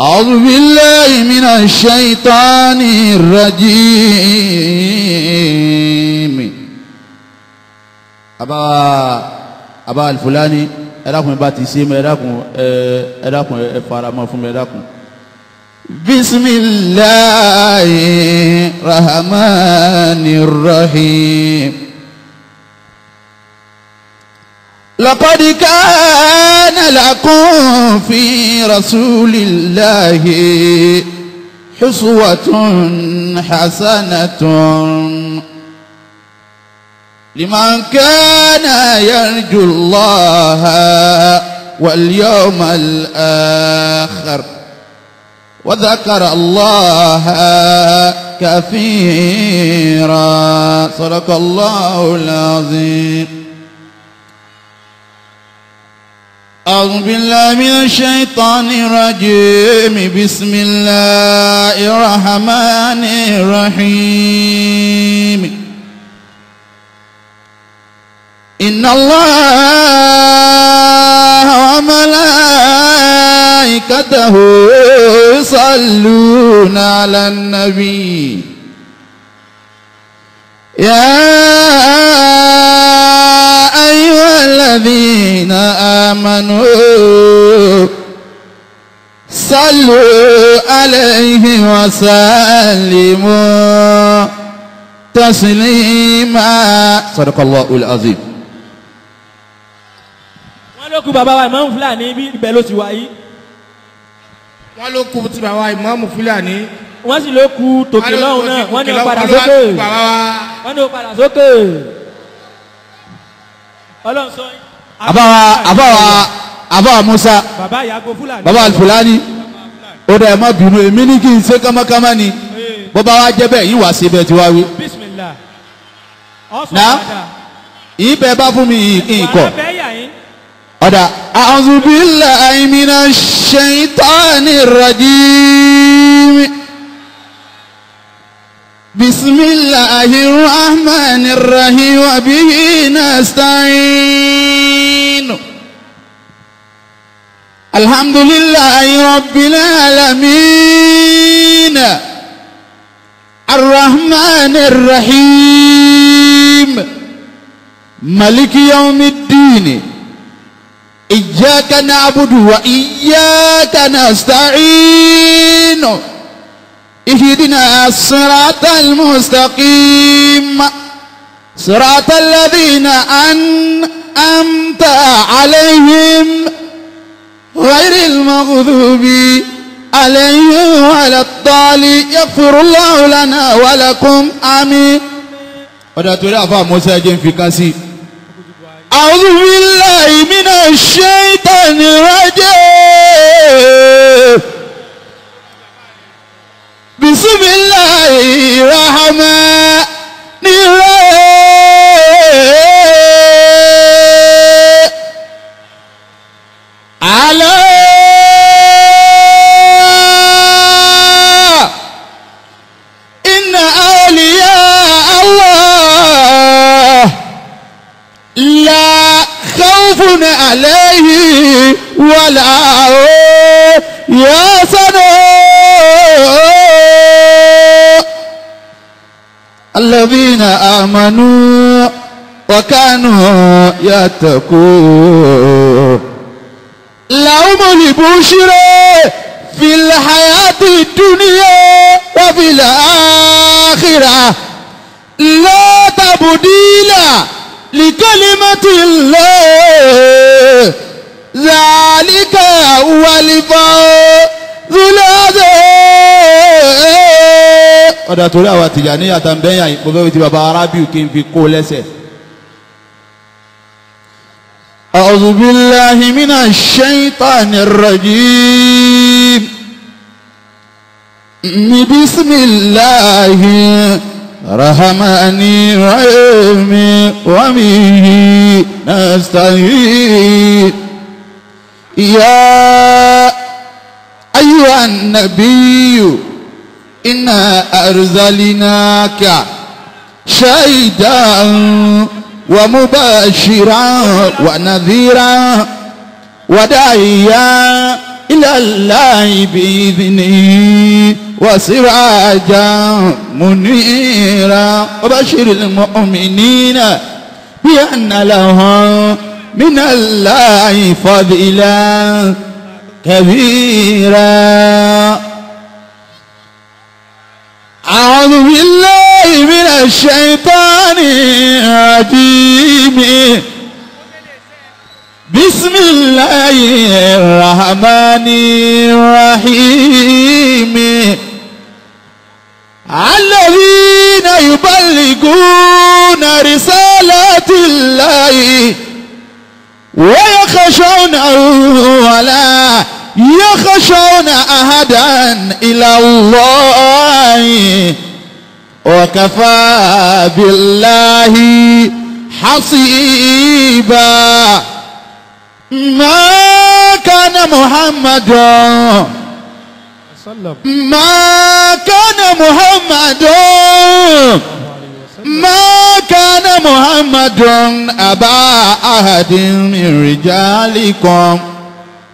أعوذ بالله من الشيطان الرجيم أبا أبا الفلاني ẹdákun ẹ bá ti ṣe mọ ẹdákun ẹ ẹdákun ẹ faramọ́ fún mi ẹdákun. bisimilahi rahmanirrahim. لقد كان لكم في رسول الله حسوة حسنة لمن كان يرجو الله واليوم الآخر وذكر الله كثيرا صدق الله العظيم أعوذ بالله من الشيطان الرجيم بسم الله الرحمن الرحيم إن الله وملائكته يصلون على النبي يا أيها الذين آمنوا صلوا عليه وسلموا تسليما صدق الله العظيم wọ́n ló kú bàbá wa ìmáàmù fúlàní ibẹ̀ ti wà yìí. wọ́n ló kú ti bàbá wa ìmáàmù fúlàní. wọ́n sì ló kú tòkè lọ́hùn náà wọ́n ní ó padà sókè. wọ́n ní ó padà sókè ọlọ́run sọ yín. àbáwa àbáwa àbáwa musa bàbá yàgò fúlàní bàbá fúlàní ó dẹ̀ ẹ̀ má bínú èmi ní n ṣe kámákámá ni eh. bó bá wá jẹ́ bẹ́ẹ̀ yín wá sí bẹ́ẹ̀ tí wá wí. bismillah ọ̀sùn padà. ibẹ̀ bá fún mi ìkọ̀. ọ̀dà a'udhu billahi minash shaitani بسم الله الرحمن الرحيم وبه نستعين الحمد لله رب العالمين الرحمن الرحيم ملك يوم الدين إياك نعبد وإياك نستعين اهدنا الصراط المستقيم صراط الذين أنعمت عليهم غير المغضوب عليهم ولا الضالين يغفر الله لنا ولكم آمين ọ̀dà torí àfa àmọ́sí ajé ń fi ká بالله من الشيطان الرجيم بسم الله الرحمن الرحيم على إن أولياء الله لا خوف عليه ولا يا سنة الذين آمنوا وكانوا يتقون لهم البشرى في الحياة الدنيا وفي الآخرة لا تبديل لكلمة الله ذلك هو الفوز zúlẹ́dẹ̀. ọ̀dà torí àwọn àtìjà ní àtàǹbẹ̀yà yìí mo fẹ́ fi ti bàbá arábíù kí n fi kó lẹ́sẹ̀. أعوذ بالله من الشيطان الرجيم بسم الله الرحمن الرحيم وبه نستعين يا أيها النبي إنا أرسلناك شهيدا ومبشرا ونذيرا وداعيا إلى الله بإذنه وسراجا منيرا وبشر المؤمنين بأن لهم من الله فضلا كبيرا أعوذ بالله من الشيطان الرجيم بسم الله الرحمن الرحيم الذين يبلغون رسالات الله ويخشون الله يخشون أحدا إلى الله وكفى بالله حصيبا ما كان محمد ما كان محمد ما كان محمد أبا أحد من رجالكم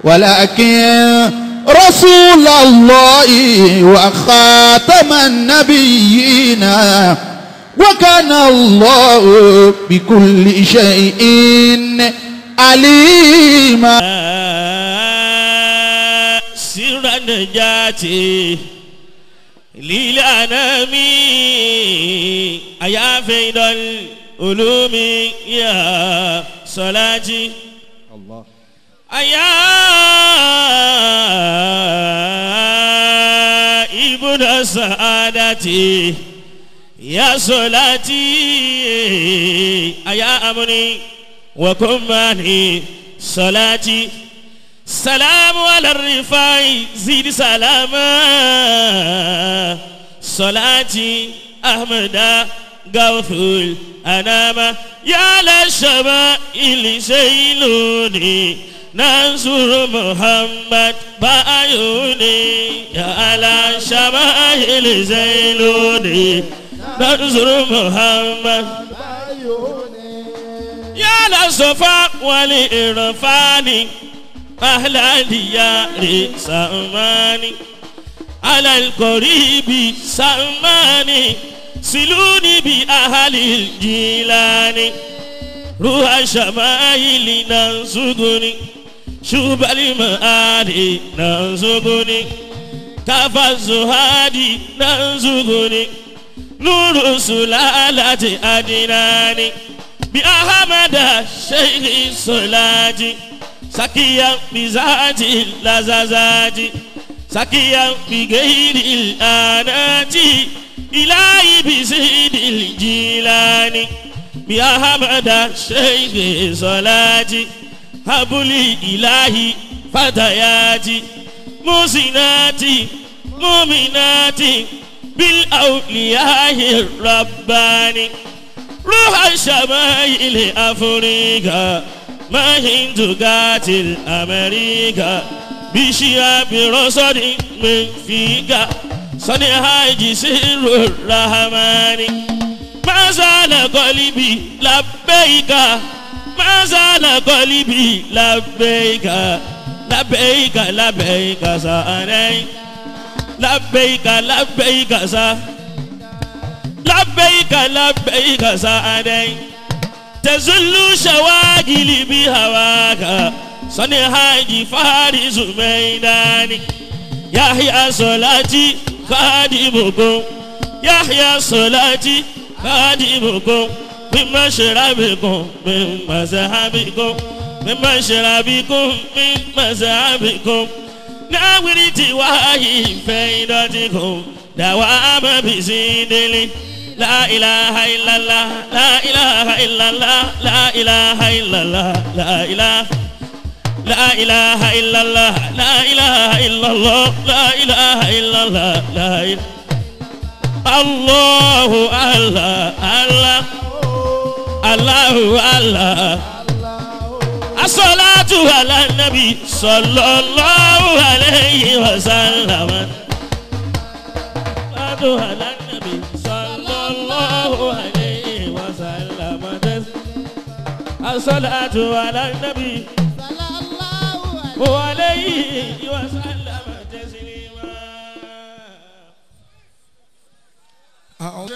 ولكن رسول الله وخاتم النبيين وكان الله بكل شيء عليما سر نجاتي للأنام أيا فيد العلوم يا صلاتي àyà ibùdó sàádàtì yà sọ̀láàtì àyà amúni wàkùnmáni sọ̀láàtì salamu alarifai zidi salama salati ahmada gawthul anama ya la shaba ili shailuni ننصر محمد بعيوني يا على شمائل زيلوني ننصر محمد بعيوني يا لصفا ولإرفاني أهل ديار سماني على القريب سماني سلوني بأهل الجيلاني روح شمائل ننصدني shubali ma'adi nan zuguni kafa zuhadi nan zuguni nuru sulalati adinani bi ahamada sheikh solaji sakiya bizaji lazazaji sakiya bigairi anati ilahi bisidil jilani bi ahamada sheikh solaji habuli ilahi fatayati musinati muminati bil awliyahi rabbani ruha shamayil afrika mahin dugatil amerika bishia birosodi mefiga sani haji siru rahamani mazala kolibi labbeika masala kọlibi labẹyika labẹyika labẹyika sa arẹyin labẹyika labẹyika sa labẹyika labẹyika sa arẹyin tẹsulu sawagili bi hawaka sani hajj fari zumeidani yahya solati kadi bogo yahya solati kadi bogo. من مشربكم من مذهبكم من مشربكم من مذهبكم ناولي تواهي فائدتكم دوام بزيدلي لا إله إلا الله لا إله إلا الله لا إله إلا الله لا إله لا إله إلا الله لا إله إلا الله لا إله إلا الله لا إله الله الله الله Allahu Allah. Asalatu ala nabi sallallahu alayhi wa sallam. Asalatu ala nabi sallallahu alayhi wa sallam. Asalatu ala nabi sallallahu alayhi wa أعوذ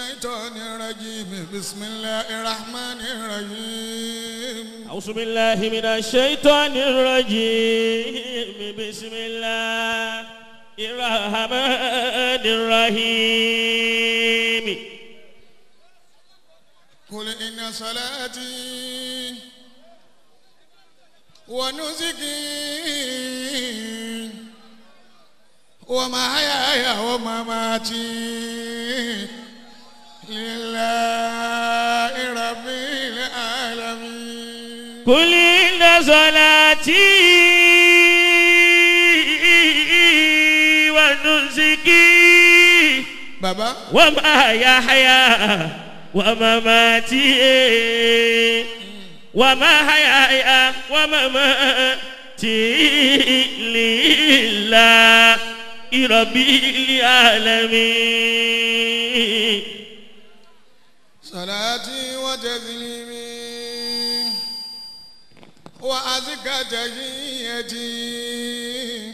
بسم الله الرحمن الرحيم بالله من الشيطان الرجيم بسم الله الرحمن الرحيم قل إن صلاتي ونسكي ومحياي ومماتي لله رب العالمين كل نزلاتي صلاتي ونسكي بابا وما وما ومماتي وما وما ومماتي لله رب العالمين صلاتي وتسليمي وأزكى تحيتي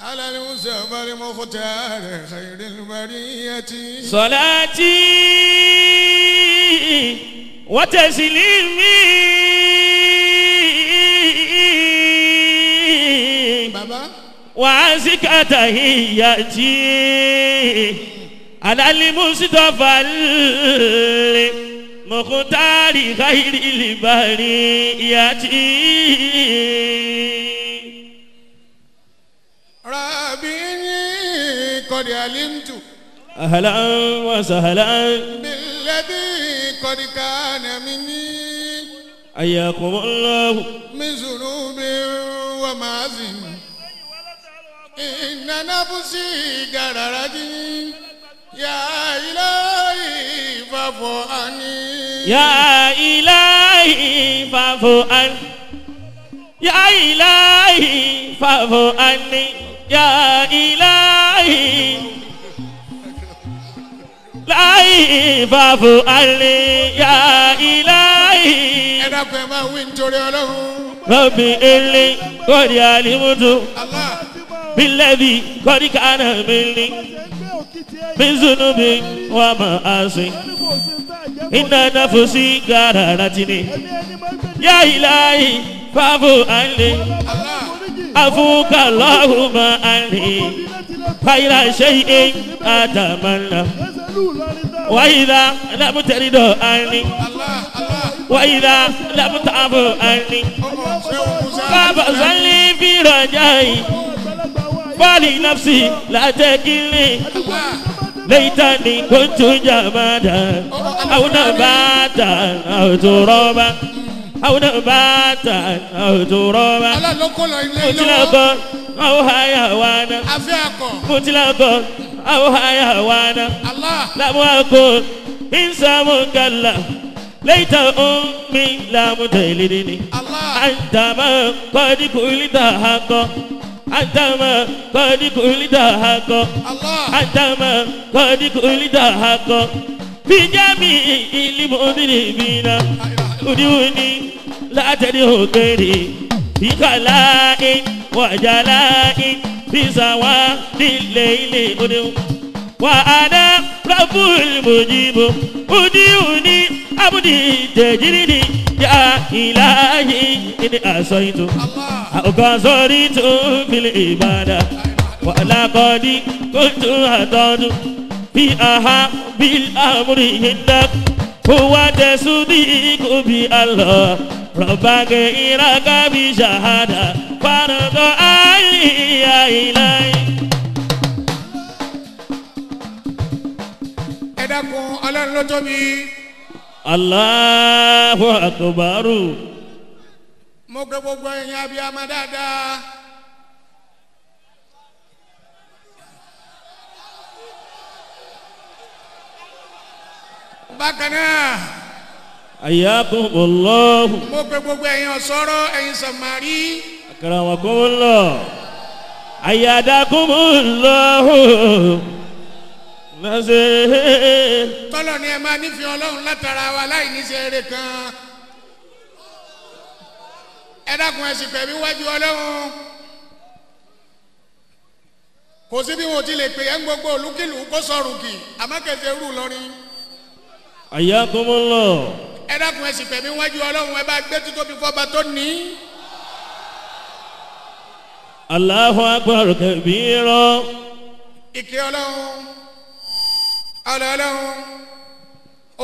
على الوسف المختار خير البرية صلاتي وتسليمي بابا وأزكى تحيتي alalimusitọfa le mọkutari kayiri libari yati. rabi ni kọdi alimtu. ahalan wa sahalan. biladi kọdi kaana mini. ayakumọlọ. min zunubi wa maazin. inna nafsi gararaji. Ya إلهي فاعف عني يا إلهي فاعف عني يا إلهي فاعف عني يا ya láì fàfù àlè yá ìláì. ẹ dákun ẹ máa wí nítorí ọlọ́run. rọ́bì ele kọ́ni alimudu. bílẹ̀bì kọ́ni kánà mi ni. من ذنوب ومعاصي إن نفسي غررتني يا إلهي فاعفو عني عفوك اللهم عني خير شيء أتمنى وإذا لم ترد عني وإذا لم تعف عني فبصلي في رجائي فلنفسي لا تكلني ليتني كنت جمادا أو نباتا أو ترابا أو نباتا أو ترابا مطلقا أو حيوانا مطلقا أو حيوانا لم أكن إنسان كلا ليت أمي لم تلدني أنت من قد كلت حقا عندما قد كل دهاك عندما قد كل دهاك في جميع المذنبين ادعوني لا تدعو غيري في كلاء وجلاء في سواد الليل ادعو وأنا رب المجيب ادعوني عبدي تجريني يا إلهي إني أصيت أو صريت في العبادة ولقد كنت أتعد فيها بالأمر عندك هو تصديق بالله ربك إنك بشهادة فرض علي يا إلهي ẹ̀dá kun ọlọ́run ló tóbi. Allahu akbaru. mo gbé gbogbo ẹ̀yin abiyamọ dáadáa. bákan náà. ayakum Allah. mo gbé gbogbo ẹ̀yin ọ̀sọ́rọ̀ ẹ̀yin sàmárì. akramakum Allah. ayadakum Allah lọ́sẹ̀. tọ́lọ̀ ni ẹ máa nífẹ̀ẹ́ ọlọ́run látara wa láì níṣẹ́ eré kan ẹ dákun ẹ sì pẹ̀lú iwájú ọlọ́run kò sí bí wọn ò ti lè pè é ń gbogbo olúkìlù kó sọ̀rọ̀ kì àmọ́kẹ́sẹ̀ rú lọ́rin. àyà tó mọ́ lọ. ẹ dákun ẹ sì pẹ̀lú iwájú ọlọ́run ẹ bá gbé títóbi fọba tó ní. Allahu akbar kabira. ìkẹ́ ọlọ́run ọlọ́lọ́hún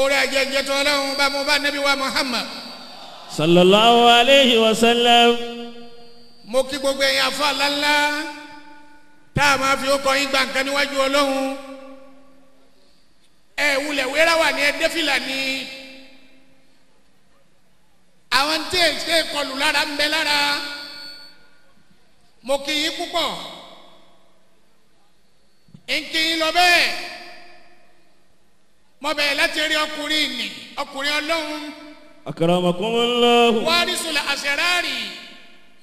orí ajẹ́jẹ́ tó ọlọ́hún bá mo bá nẹ́bí wa Muhammad. sallallahu alayhi wa sallam. mo kí gbogbo ẹ̀yin afọ àlálá tá a máa fi ó kọ́ yín gba níwájú ọlọ́hún ẹ wulẹ̀ wẹ́rẹ́ wà ní ẹdẹ́ fìlà ní àwọn tí ẹ ṣe kọlù lára ń bẹ lára mo kí yín púpọ̀ ń kí yín lọ bẹ́ẹ̀ mo bẹ̀rẹ̀ láti rí ọkùnrin nì ọkùnrin ọlọ́run. akramakumullahu. warisul asrari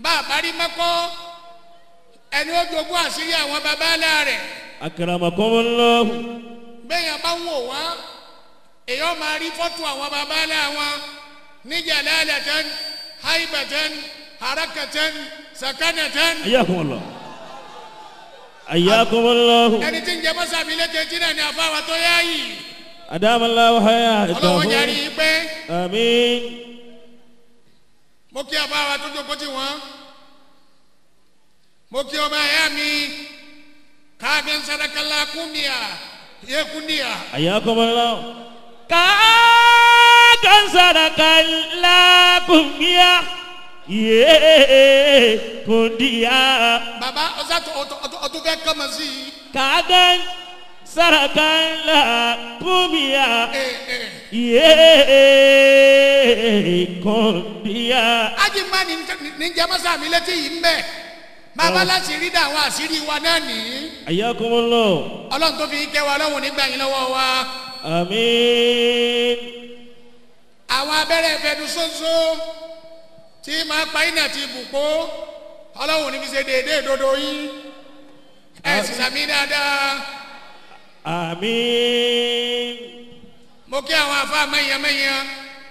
bá a bá rí mọ́kọ́ ẹni ó jogún àṣírí àwọn babalá rẹ̀. akramakumullahu. bẹ́ẹ̀ bá ń wò wá èèyàn máa rí fọ́tò àwọn babalá wọn ní jalalatan haibatan harakatan sakanatan. ayakumullah. ayakumullahu. ẹni tí ń jẹ́ mọ́sàmí lẹ́tẹ̀ẹ́ tí náà ni àfáwà tó yá yìí àdámọ́lá wáyà ìtàn fún. ọlọ́wọ́n yàrá yìí pé. àmín. mo kí àbá wa tó jókòó tì wọ́n mo kí ọmọ ẹ̀yà mi káàbẹ̀ sadakala kúndìyà yé kúndìyà. àyà kọ́mọ́lá. káàbẹ̀ sadakala kúndìyà yé kúndìyà. baba ọ̀sán ọ̀tún fẹ́ kọ́mọ sí i sarakan la bumiya eh, eh. ye kọnbiya. aji ma nin nin jamasa mi létí yìí ń bẹ bàbá láṣìírí dà àwọn àṣírí wa náà nìyí. àyà kọ́mọ lọ. ọlọ́run tó fi kẹ́ wa ọlọ́run nígbà yín lọ́wọ́ wa. àmín. àwọn abẹ́rẹ́ ìfẹ́dù ṣoṣo tí máa pa iná ti bùkún ọlọ́run ní fi ṣe déédéé dodo yín ẹ̀ sì ah. dáadáa àmín. mo kí àwọn afa mẹ́yẹmẹ́yẹ.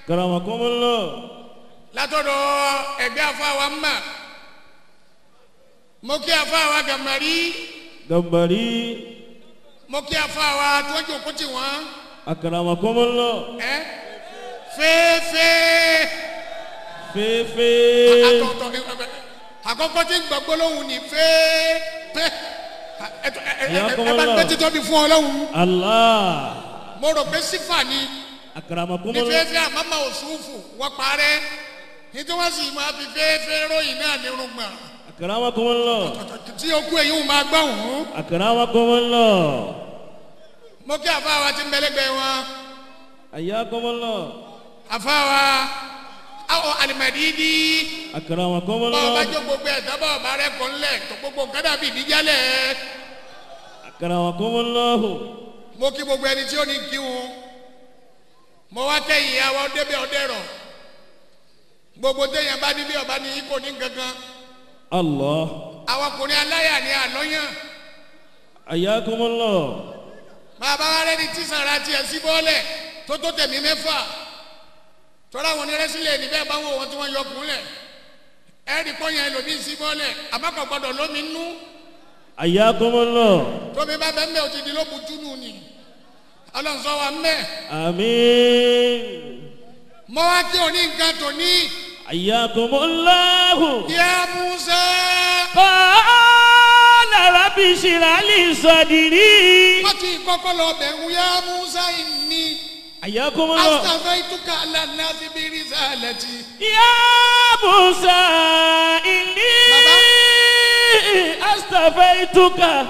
karamakumullah. látọ̀dọ̀ ẹgbẹ́ afa wa mọ̀ mo kí afa wa gàmbàrí. gàmbàrí. mo kí afa wa tó jókòó tì wọ́n. akaramakumullah. ẹ fẹ́ẹ́fẹ́. fẹ́ẹ́fẹ́. àtọ̀tọ̀ ni àkọ́kọ́ tí gbàgbọ́ lóhùn ní fẹ́ẹ́fẹ́ ẹ bá gbé títọ́ bí fún ọlọ́run. Allah. mo rò pé sífà ni. akaramakumolo. ní fẹ́ẹ́fẹ́ àmàmà òṣùfù wọ́n parẹ́ nítorí wọ́n sì máa fi fẹ́ẹ́fẹ́ ròyìn náà ní rúgbà. akaramakumolo. tí okú ẹ̀ yóò máa gbọ́ òun. akaramakumolo. mo kí àfáwa ti ń bẹ́lẹ́gbẹ́ wọn. ayakumolo. àfáwa awọ alimadidi. akarama kọmọlọ. bọba jó gbogbo ẹsẹ bọba rẹ kọ nlẹ tó gbogbo nǹkan dàbí ìdíjálẹ. akarama kọmọlọ. mo kí gbogbo ẹni tí ó ní kíw mo wá kẹyìn àwọn ọdẹbẹ ọdẹrọ gbogbo téèyàn bá níbí ọba ní kò ní gangan. Allah. àwọn ọkùnrin aláya ni àlọ́yàn. àyà kọmọlọ. bàbá wa rẹ ni tíṣàrà tiẹ̀ síbọ́ọ̀lẹ̀ tó tó tẹ̀mí mẹ́fà tọ́lá àwọn onírẹ́sílẹ̀ níbẹ̀ bá wọ́n tí wọ́n yọ kúnlẹ̀ ẹ̀rí kọ́ yẹn lòdì sí bọ́ọ̀lẹ̀ àmọ́kọ̀ gbọ́dọ̀ lómi nú. àyà kọ́mọ lọ. tómi bá bẹ́ẹ̀ mẹ́ òtítì ló bu túnú ni ọlọ́nsọ wa mẹ́. àmín. mọ wá kí òní nǹkan tó ní. àyà kọ́mọ lọ́hùn. yá musa. kọ́ọ̀lá rábìsì rálì sọ̀dìrí. wọ́n ti kọ́kọ́ lọ bẹ̀ ń musa yìí. حياكم الله أصطفيتك على الناس برسالتي يا موسى إني أصطفيتك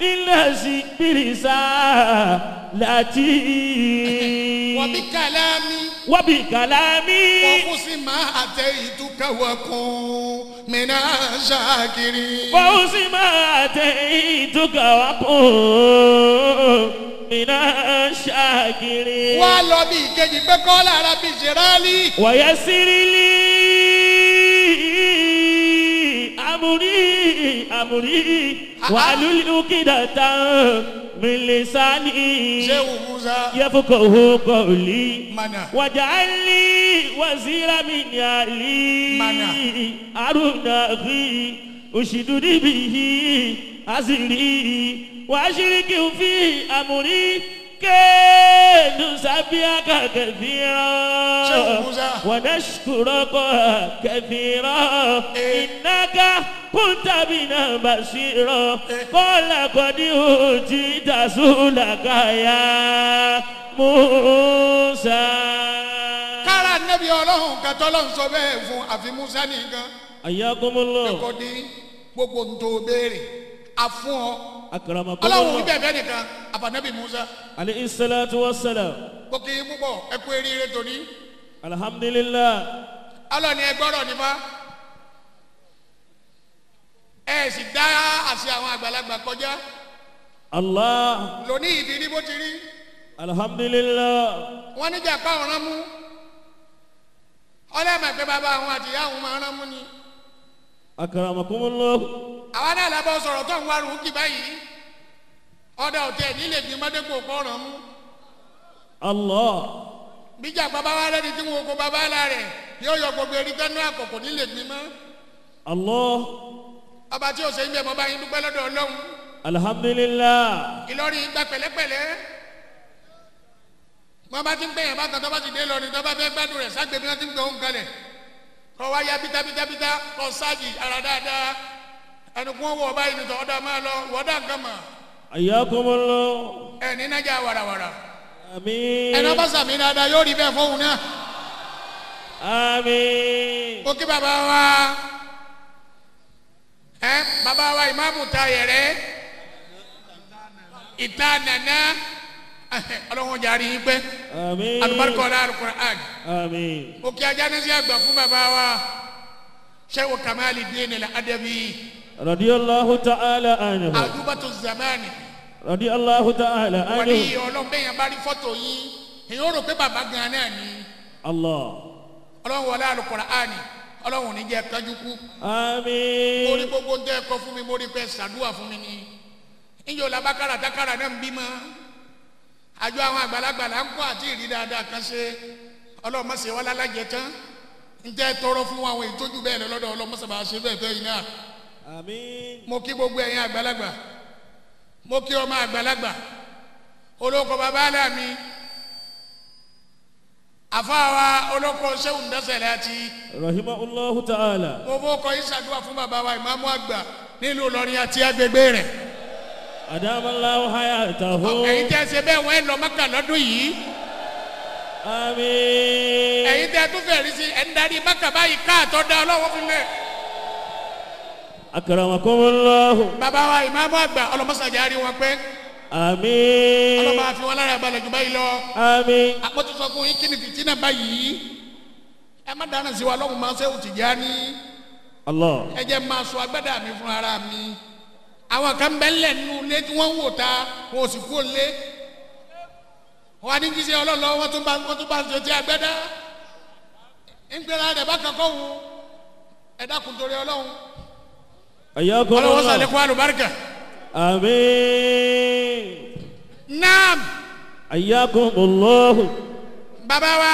للناس برسالتي وبكلامي وبكلامي وفوز ما أتيتك وكن من الشاكرين فوز ما أتيتك وكن mina ṣaakiri. wá lọ bí ìkejì pé kọ́lá ara bíi ṣẹ̀rálì. wàyà sírìlì amúrí amúrí ah, wàlúù ah. kìdà tán milisani. sehu musa. yafukahu kọli. mana. wajali wazira minyali. mana. arunafi osidunibihi aziri. وأشركه في أمري كي نسبحك كثيرا ونشكرك كثيرا eh. إنك كنت بنا بشيرا eh. قال قد أوتيت سؤلك يا Musa. kala nẹ́bí ọlọ́run kẹtọ́ ló ń sọ bẹ́ẹ̀ fún àfi Musa nìkan. àyà kọ́mọlọ. gbogbo ń tó béèrè a fún ọ akaramakumullah. aláwọ̀ wí bẹ̀ẹ̀ bẹ́ẹ̀ nìkan àbànẹ́bí musa. alayhi salatu wa salam. kò kì í púpọ̀ ẹ kú eríire tòní. alhamdulilah. alọ ni ẹ gbọ́dọ̀ nípa. ẹ sì dá àṣẹ àwọn àgbàlagbà kọjá. allah. lónìí ìdí ni bó ti rí. alhamdulilah. wọ́n níjà pa ọ̀ràn mú. ọlọ́mọ ẹgbẹ́ bàbá àwọn àtìyá àwọn máa rán mú ni. akaramakumullah àwa náà lábọ́ sọ̀rọ̀ tó ń wá rùú kì báyìí ọ̀dà òtẹ́ nílé bí mọ́dégbò pọ́nrán mú. Allah. bíjà bàbá wa rẹ́ni tí wọn kó bàbá la rẹ̀ yóò yọ gbogbo erí tẹ́nu àkọ́kọ́ nílé bí mọ́. Allah. ọba tí o ṣe ń bẹ mọ́ bá yín dúpẹ́ lọ́dọ̀ ọlọ́run. alhamdulillah. Ìlọrin gba pẹ̀lẹ́pẹ̀lẹ́ mọ bá ti ń gbẹ̀yìn bá kan tó bá ti dé lọ ni tó bá fẹ́ gbádùn rẹ̀ ságbèmí wọn ti ń gbẹ̀ ẹni kún wọ ọba yìí nìtọ ọdọ máa lọ wọdà nǹkan mọ. àyà kò mọ lọ. ẹ ní nájà warawara. àmì. ẹnà bá sàmì dáadáa yóò rí bẹ́ẹ̀ fóun náà. àmì. ó kí bàbá wa ẹ bàbá wa ìmáàmù ta yẹrẹ ìta nàná ọlọ́run jaari yín pẹ́ alubarika ọ̀la alukur'an òkè ajá ní àgbà fún bàbá wa sẹ́wọ̀n kamali dín ní la adabi radiyallahu ta'ala anhu. àdúbàtò zamani. radiyallahu ta'ala anhu. wà ní ọlọ́run bẹ́ẹ̀ yẹn bá rí fọ́tò yìí èyí ó rò pé bàbá gan náà ni. Allah. ọlọ́run wọlé al-Qur'ani ọlọ́run ní jẹ́ kájú kú. àmín. mo rí gbogbo ń tẹ́ ẹ̀kọ́ fún mi mo rí pé ṣàdúrà fún mi ni. ìjọ làbákàrà tákàrà náà ń bímọ. àjọ àwọn àgbàlagbà là ń kọ́ àti ìrí dáadáa kan ṣe ọlọ́run má tán. ń tẹ́ tọrọ fún àwọn ìtọ́jú bẹ́ẹ̀ lọ́dọ̀ ọlọ́run ṣe bẹ́ẹ̀ bẹ́ẹ̀ yìí náà àmín. mo kí gbogbo ẹ̀yin àgbàlagbà mo kí ọmọ àgbàlagbà olóko bàbá alámi àfáàwa olóko sẹ́wùn dẹ́sẹ̀ láti. rahimahullahu ta'ala. mo fọ́ kọ́ ìṣàdúrà fún bàbá wa ìmáàmù àgbà nílùú Ìlọrin àti agbègbè rẹ̀. àdàmàláwò hayà tàhó. ẹ̀yin tẹ́ ṣe bẹ́ẹ̀ wọ́n ẹ̀ lọ Mẹ́kà lọ́dún yìí. àmín. ẹ̀yin tẹ́ tún fẹ̀rí sí ẹ̀ ń darí Mẹ́kà báyìí káàtọ́ da ọlọ́wọ́ fún mi akaramakomolahu. bàbá wa ìmáàmù àgbà ọlọmọsàjà àrí wọn pé. àmín. ọlọmọ àfi wọn lára balẹ̀ jù báyìí lọ. àmín. àpótí sọ fún yín kí ni fìtínà báyìí ẹ má dáná sí wa lọ́hùn máa ṣe Tijani. Allah. ẹ jẹ́ máa sọ agbádá mi fún ara mi. àwọn kan bẹ́ẹ̀ lẹ́nu lé tí wọ́n ń wò ta wọn ò sì kú òlé. wọn á ní kí ṣe ọlọ́lọ́ wọn tún bá wọn tún bá ṣe ti agbádá. ń gbéra rẹ̀ bá kankan wò ẹ dákun torí ọlọ́run ọlọ́wọ́ sàlékún àlùbáríkà. àmín. naam. ayakumullahu. bàbá wa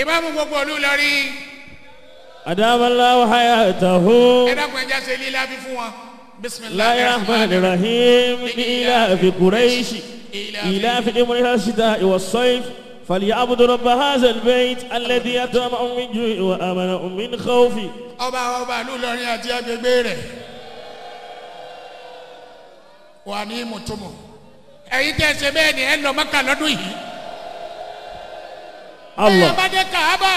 ìmáàmù gbogbo olú lórí. adamala wahaya tahu. ẹ dákun ẹ jáse lílá bí fún wọn. bisimilahi rahman rahim ila fi kureishi ila fi imurita sita iwasayif. فليعبد رب هذا البيت الذي أطعمهم من جوع وآمنهم من خوف ọba àwọn ọba ìlú Ìlọrin àti agbègbè rẹ̀ wà ní mùtúmù ẹ̀yin tẹ́ ṣe bẹ́ẹ̀ ni ẹ lọ Mẹ́kà lọ́dún yìí bẹ́ẹ̀ abájẹ́ kàábà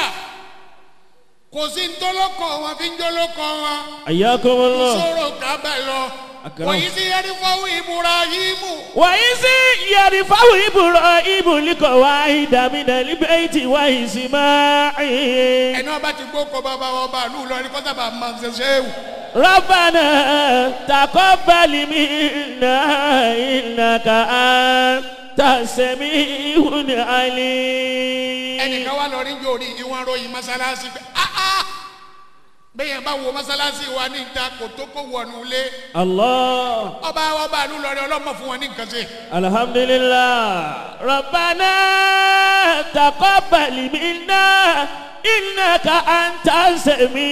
kò sí ntọ́lọ́kọ̀ wọn fi ń jọ́lọ́kọ̀ wọn. àyà kọ́ wọn lọ. sọ̀rọ̀ kàábà lọ. وإذ يرفع إبراهيم وإذ يرفع إبراهيم القواعد من البيت وإسماعيل ẹni ọba ti gbóko bàbá ọba ìlú Ìlọrin kó sábà máa ń ṣe ربنا تقبل منا إنك أنت السميع العليم. ẹnìkan wà lọ rí yorì ìwọ̀n ròyìn mọ́sálásí pé áá bẹ́ẹ̀ bá wo mọ́sálásí wa ní ìta kò tó kó wọnú ilé. Allah. ọba ọba àánú lọrẹ ọlọ́mọ fún wọn ní nǹkan ṣe. alhamdulillah rabbana taqabbal minna innaka anta sami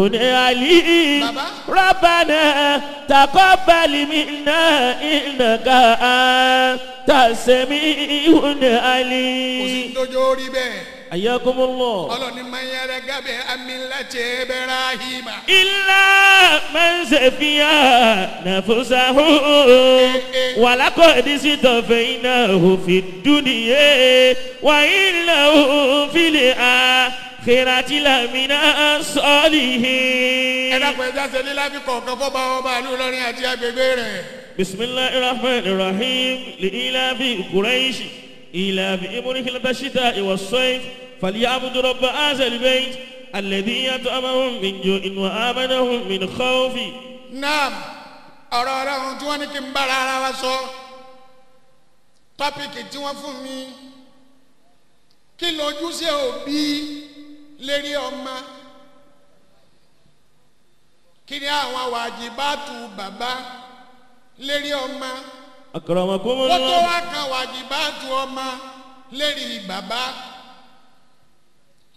oníhàlì. rabbana taqabbal minna innaka anta sami oníhàlì. kò sí dojo rí bẹ́ẹ̀. Ayakumullah. Ọlọ́ni máa ń yára gábẹ́ amílàtẹ̀ Ibrahima. Ilá máa ń ṣe fi hàn nàfọ́sáhù. Wàlákọ̀ ẹ̀dísí tọ̀fẹ́ iná òfin dúnìyẹ. Wà ilà òfìlẹ̀ à kìràtì làmìnà sọ́ọ̀lìhì. Ẹ dákun ẹja ṣe ní láfi kọ̀ọ̀kan fọ́ba ọba àlú lọ́rin àti agbègbè rẹ̀. Bismillahir Rahmanir Rahim lè ilá bí Quraish. إلى بإبره البشتاء والصيف فليعبد رب هذا البيت الذي يطعمهم من جوع وآمنهم من خوف نعم ọ̀rọ̀ ọlọ́run tí wọ́n ní kí n bára ara wa sọ tọ́pìkì tí wọ́n fún mi kí lójúṣe òbí lérí ọmọ kí ni àwọn wàjibátù bàbá lérí ọmọ. Akramakum Allah. wọ́n tó wá kan wàjibáàtú ọmọ lérí bàbá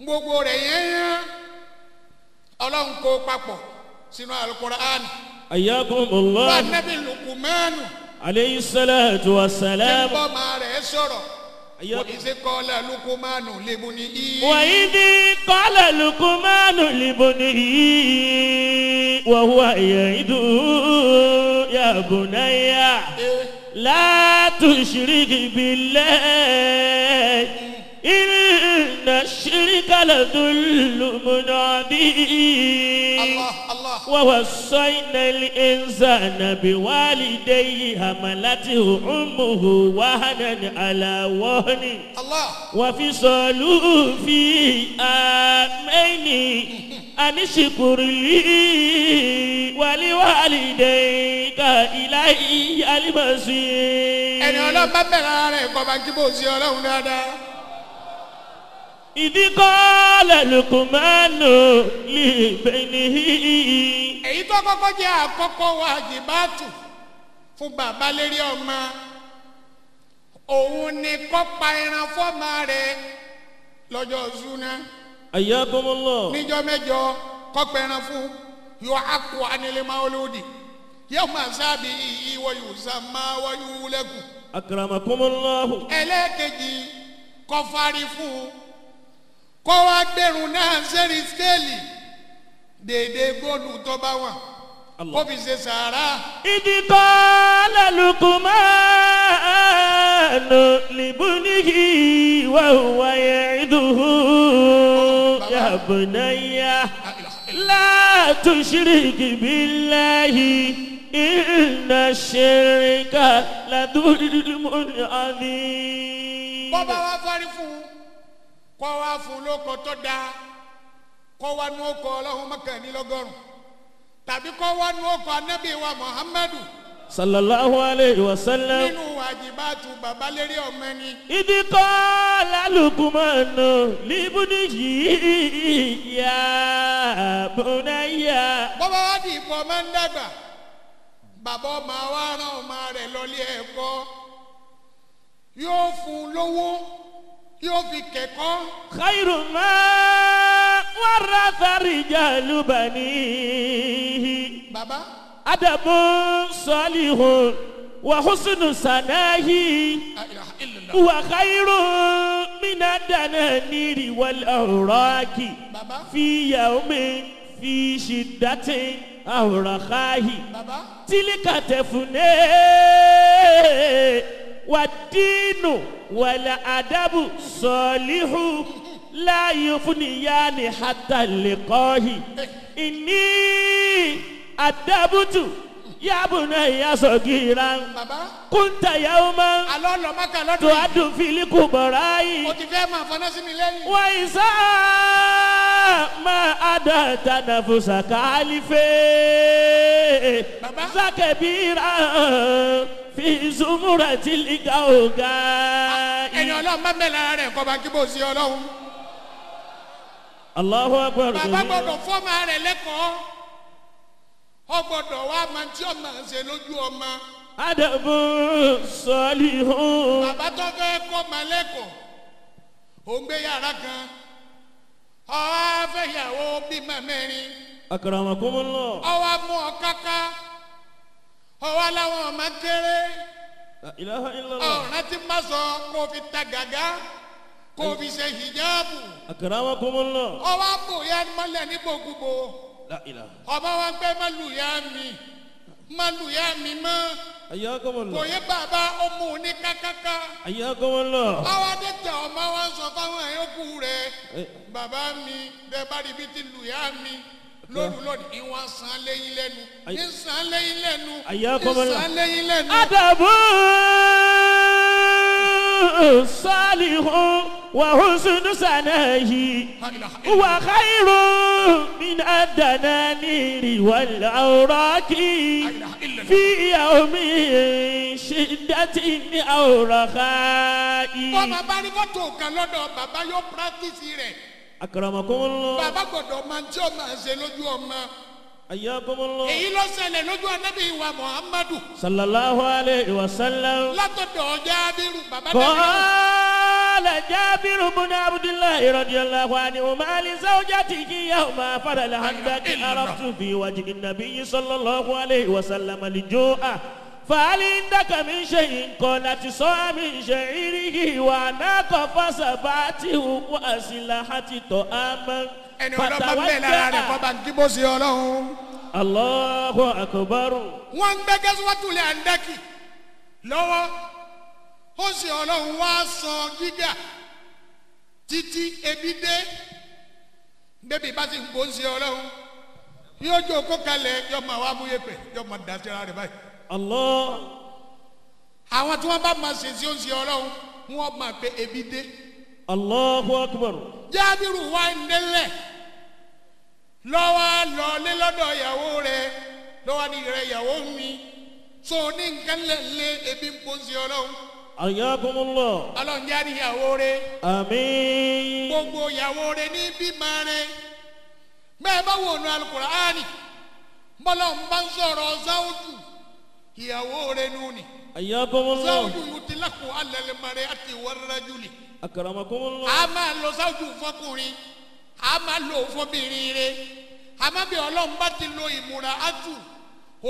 gbogbo rẹ̀ yẹn yẹn ọlọ́run kó papọ̀ sínú Al-Qur'an. Ayyakum Allah. wọ́n nẹ́bí Lukumanu. aleyhi salatu wa salam. ní bọ́ọ̀mà rẹ̀ sọ̀rọ̀. وإذ قال لقمان لبنيه وإذ قال لقمان لبنيه وهو يعده لا تشرك بالله إن الشرك لظلم عظيم ووصينا الإنسان بوالديه حملته أمه وهنا على وهن وفصاله في آمين أن اشكر لي ولوالديك إلي المصير ẹni ọlọ́pàá bẹ̀rẹ̀ ara rẹ̀ kọ́ bá kí bó ìdíkọ́lẹ̀ lukumanu lè bẹ̀ni. èyí tó kọ́kọ́ jẹ́ àkọ́kọ́ wa jìbátù fún bàbá lérí ọmọ òun ni kọ́pa ẹran fọ́mọ rẹ̀ lọ́jọ́ zuna. àyà kọ́mọlọ. níjọ́ mẹ́jọ kọ́pa ẹran fún yọ akọ anilema olódì yóò máa sábì ìwọ yóò sá máa wọ́n yóò lẹ́kùn. àkàràmà kọ́mọlọ. ẹlẹ́ẹ̀kejì kọfari fún un kọ́ wá gbẹ̀rún náà sẹ́rí skéèlì dèédé góòlù tó bá wà kó fi ṣe sàárà. ìdí tó lẹ́lùkùmánù lìbùnìhì wà wáyé ìdùhù yàbùnáyà látúnṣìrìkì bíláyì ìnà ṣèrìkà ládùúgbò àbí. bọ́bá wa fárí fún un kọ́ wá fún lóko tó dáa kọ́ wá nu oko ọlọ́run mọ́kànlélọ́gọ́rùn tàbí kọ́ wá nu oko anábì wa muhammadu. sallallahu alayhi wa sallam. nínú àjìbátu bàbá lérí ọmọ ẹni. ibi kọ́ lálùkùmọ̀nù líbùdí yìí yá bùnáyà. bọ́bá wá di ìpò ọmọ ń dàgbà bàbá ọmọ wa rán ọmọ rẹ̀ lọ ilé yóò fún lówó tí ó fi kẹ̀kọ́. khairu ma wàrà sáré jà baba. adamu sọ́lihun wa husnu sanahi wa khairu mina dana niri wal awraki fi yaumin fi shiddatin awrakahi tilka tafune wàdínù wàlẹ̀ àdàbù sọ̀líhù láàyè fúnìyàn ní hàtàlẹ́kọ́ọ̀hì ìní àdàbùtù yabuna yasogira. baba. kunta yauma. alọ lọ maka lọdun. tó a fili kú bọ̀rọ̀ ayi. o ti fẹ́ ma fana sí mi lẹ́yìn. wa isa ma ada tanafusa kalife. baba. zakebira fi zumura tili ka o ga. Ah, ẹ̀yin ọlọ́run bá mẹ́la rẹ̀ kọ́ba kí bó sí ọlọ́run. alahu akbar. baba gbọdọ̀ fọ́ ma rẹ̀ lẹ́kọ̀ọ́ ọgbọdọ wa máa tí ọmọ ṣe lójú ọmọ. adamu sọlí hàn. bàbá tó fẹ́ kọ́ ọmọ lẹ́kọ̀ọ́ ò ń gbé yàrá kan ọ̀hún afẹ́yàwó bímọ mẹ́rin. àkàràmọ̀ kó mọ́ lọ. ọwọ́ mú ọ káká ọwọ́ aláwọ̀ ọmọ kéré. ìlànà ìlànà. ọ̀ràn ti má sọ kó fi ta gàgá kó fi ṣe hijabu. àkàràmọ̀ kó mọ́ lọ. ọwọ́ àpò ya mọ́lẹ̀ ní gbogbo ọmọ wa ń pẹ́ má lù yá mi má lù yá mi mọ́. kò yé bàbá ọmọ òní kákáká. àwa dé tẹ ọmọ wa ń sọ fáwọn ẹ̀yọ́kù rẹ̀ bàbá mi bẹ́ẹ̀ bá rí bí ti lù yá mi lóru lónìí ni wọn san léyìn lẹnu ní san léyìn lẹ́nu ní san léyìn lẹ́nu. àdàbò. صالح وحسن سناه وخير من الدنانير والأوراق في يوم شدة أو رخاء bọ́mọ bá rí fọ́tò kan lọ́dọ̀ bàbá yóò pírátìsì rẹ̀. àkàràmọ̀kọ́ lọ. bàbá gbọ́dọ̀ máa ń tí ó máa ń ṣe lójú ọmọ ayakumulọ. èyí ló ṣẹlẹ̀ lójú anabi wa muhammadu. sallallahu alayhi wa sallam. látọ̀dọ̀ jaabiru baba dẹ́bi. kọ́ọ̀lá jaabiru bùnà abudulayi radiyallahu anhu maali zawjatihi yawma fara alhamdulilayi arabtu bi wajigi nabi sallallahu alayhi wa sallam alijo a fàálì ń dàkà mí ṣe nǹkan láti sọ àmì ṣe ìrírí ìwà náà kọ fásabá tí òun àṣìlá àti tọ́ àmọ́. ẹni ọlọ́pàá ń bẹ̀ lára rẹ̀ kọ́ ń kí bó ọlọ́run. Allahu akubaru. Wọ́n ń gbé Gẹ́sùwátúlẹ̀ Àndẹ́kì lọ́wọ́. Ó sì ọlọ́run wá sọ gíga títí ebi dé. Bébí bá ti ń gbó ń ṣe ọlọ́run. Yóò jó kó kalẹ̀ yọmọ wa mú yẹpẹ̀ yọmọ dàtẹ́ra rẹ̀ báyìí. Allah. àwọn tí wọ́n bá máa ṣe sí oṣù ọlọ́run wọ́n máa pe ebi dé. Allahu akbar. jábìrù wa ń délẹ̀ lọ́wọ́ lọ́lé lọ́dọ̀ ìyàwó rẹ̀ lọ́wọ́ ní rẹ̀ ìyàwó mi so ní nǹkan lẹ́lẹ́ ebi ń pọ̀ sí ọlọ́run. Ayakumullah. Ọlọ́run jáde ìyàwó rẹ̀. Àmín. Gbogbo ìyàwó rẹ̀ ní bímọ rẹ̀. Bẹ́ẹ̀ bá wò nu Al-Qur'ani. Bọ́lá ń bá ń sọ̀rọ̀ Záwùdù ìyàwó rẹ nù ni. àyà bọ́wọ́lọ́. sáwùjú yutilaku alẹ́lẹ́mọ̀rẹ́ àti wàrẹ́rẹ́júlì. àkàràmọ̀kọ́wọ́lọ́. a máa lọ sáwùjú fọkùnrin a máa lò fọbìnrin rẹ àmọ́ bí ọlọ́run bá ti lo ìmúra àtù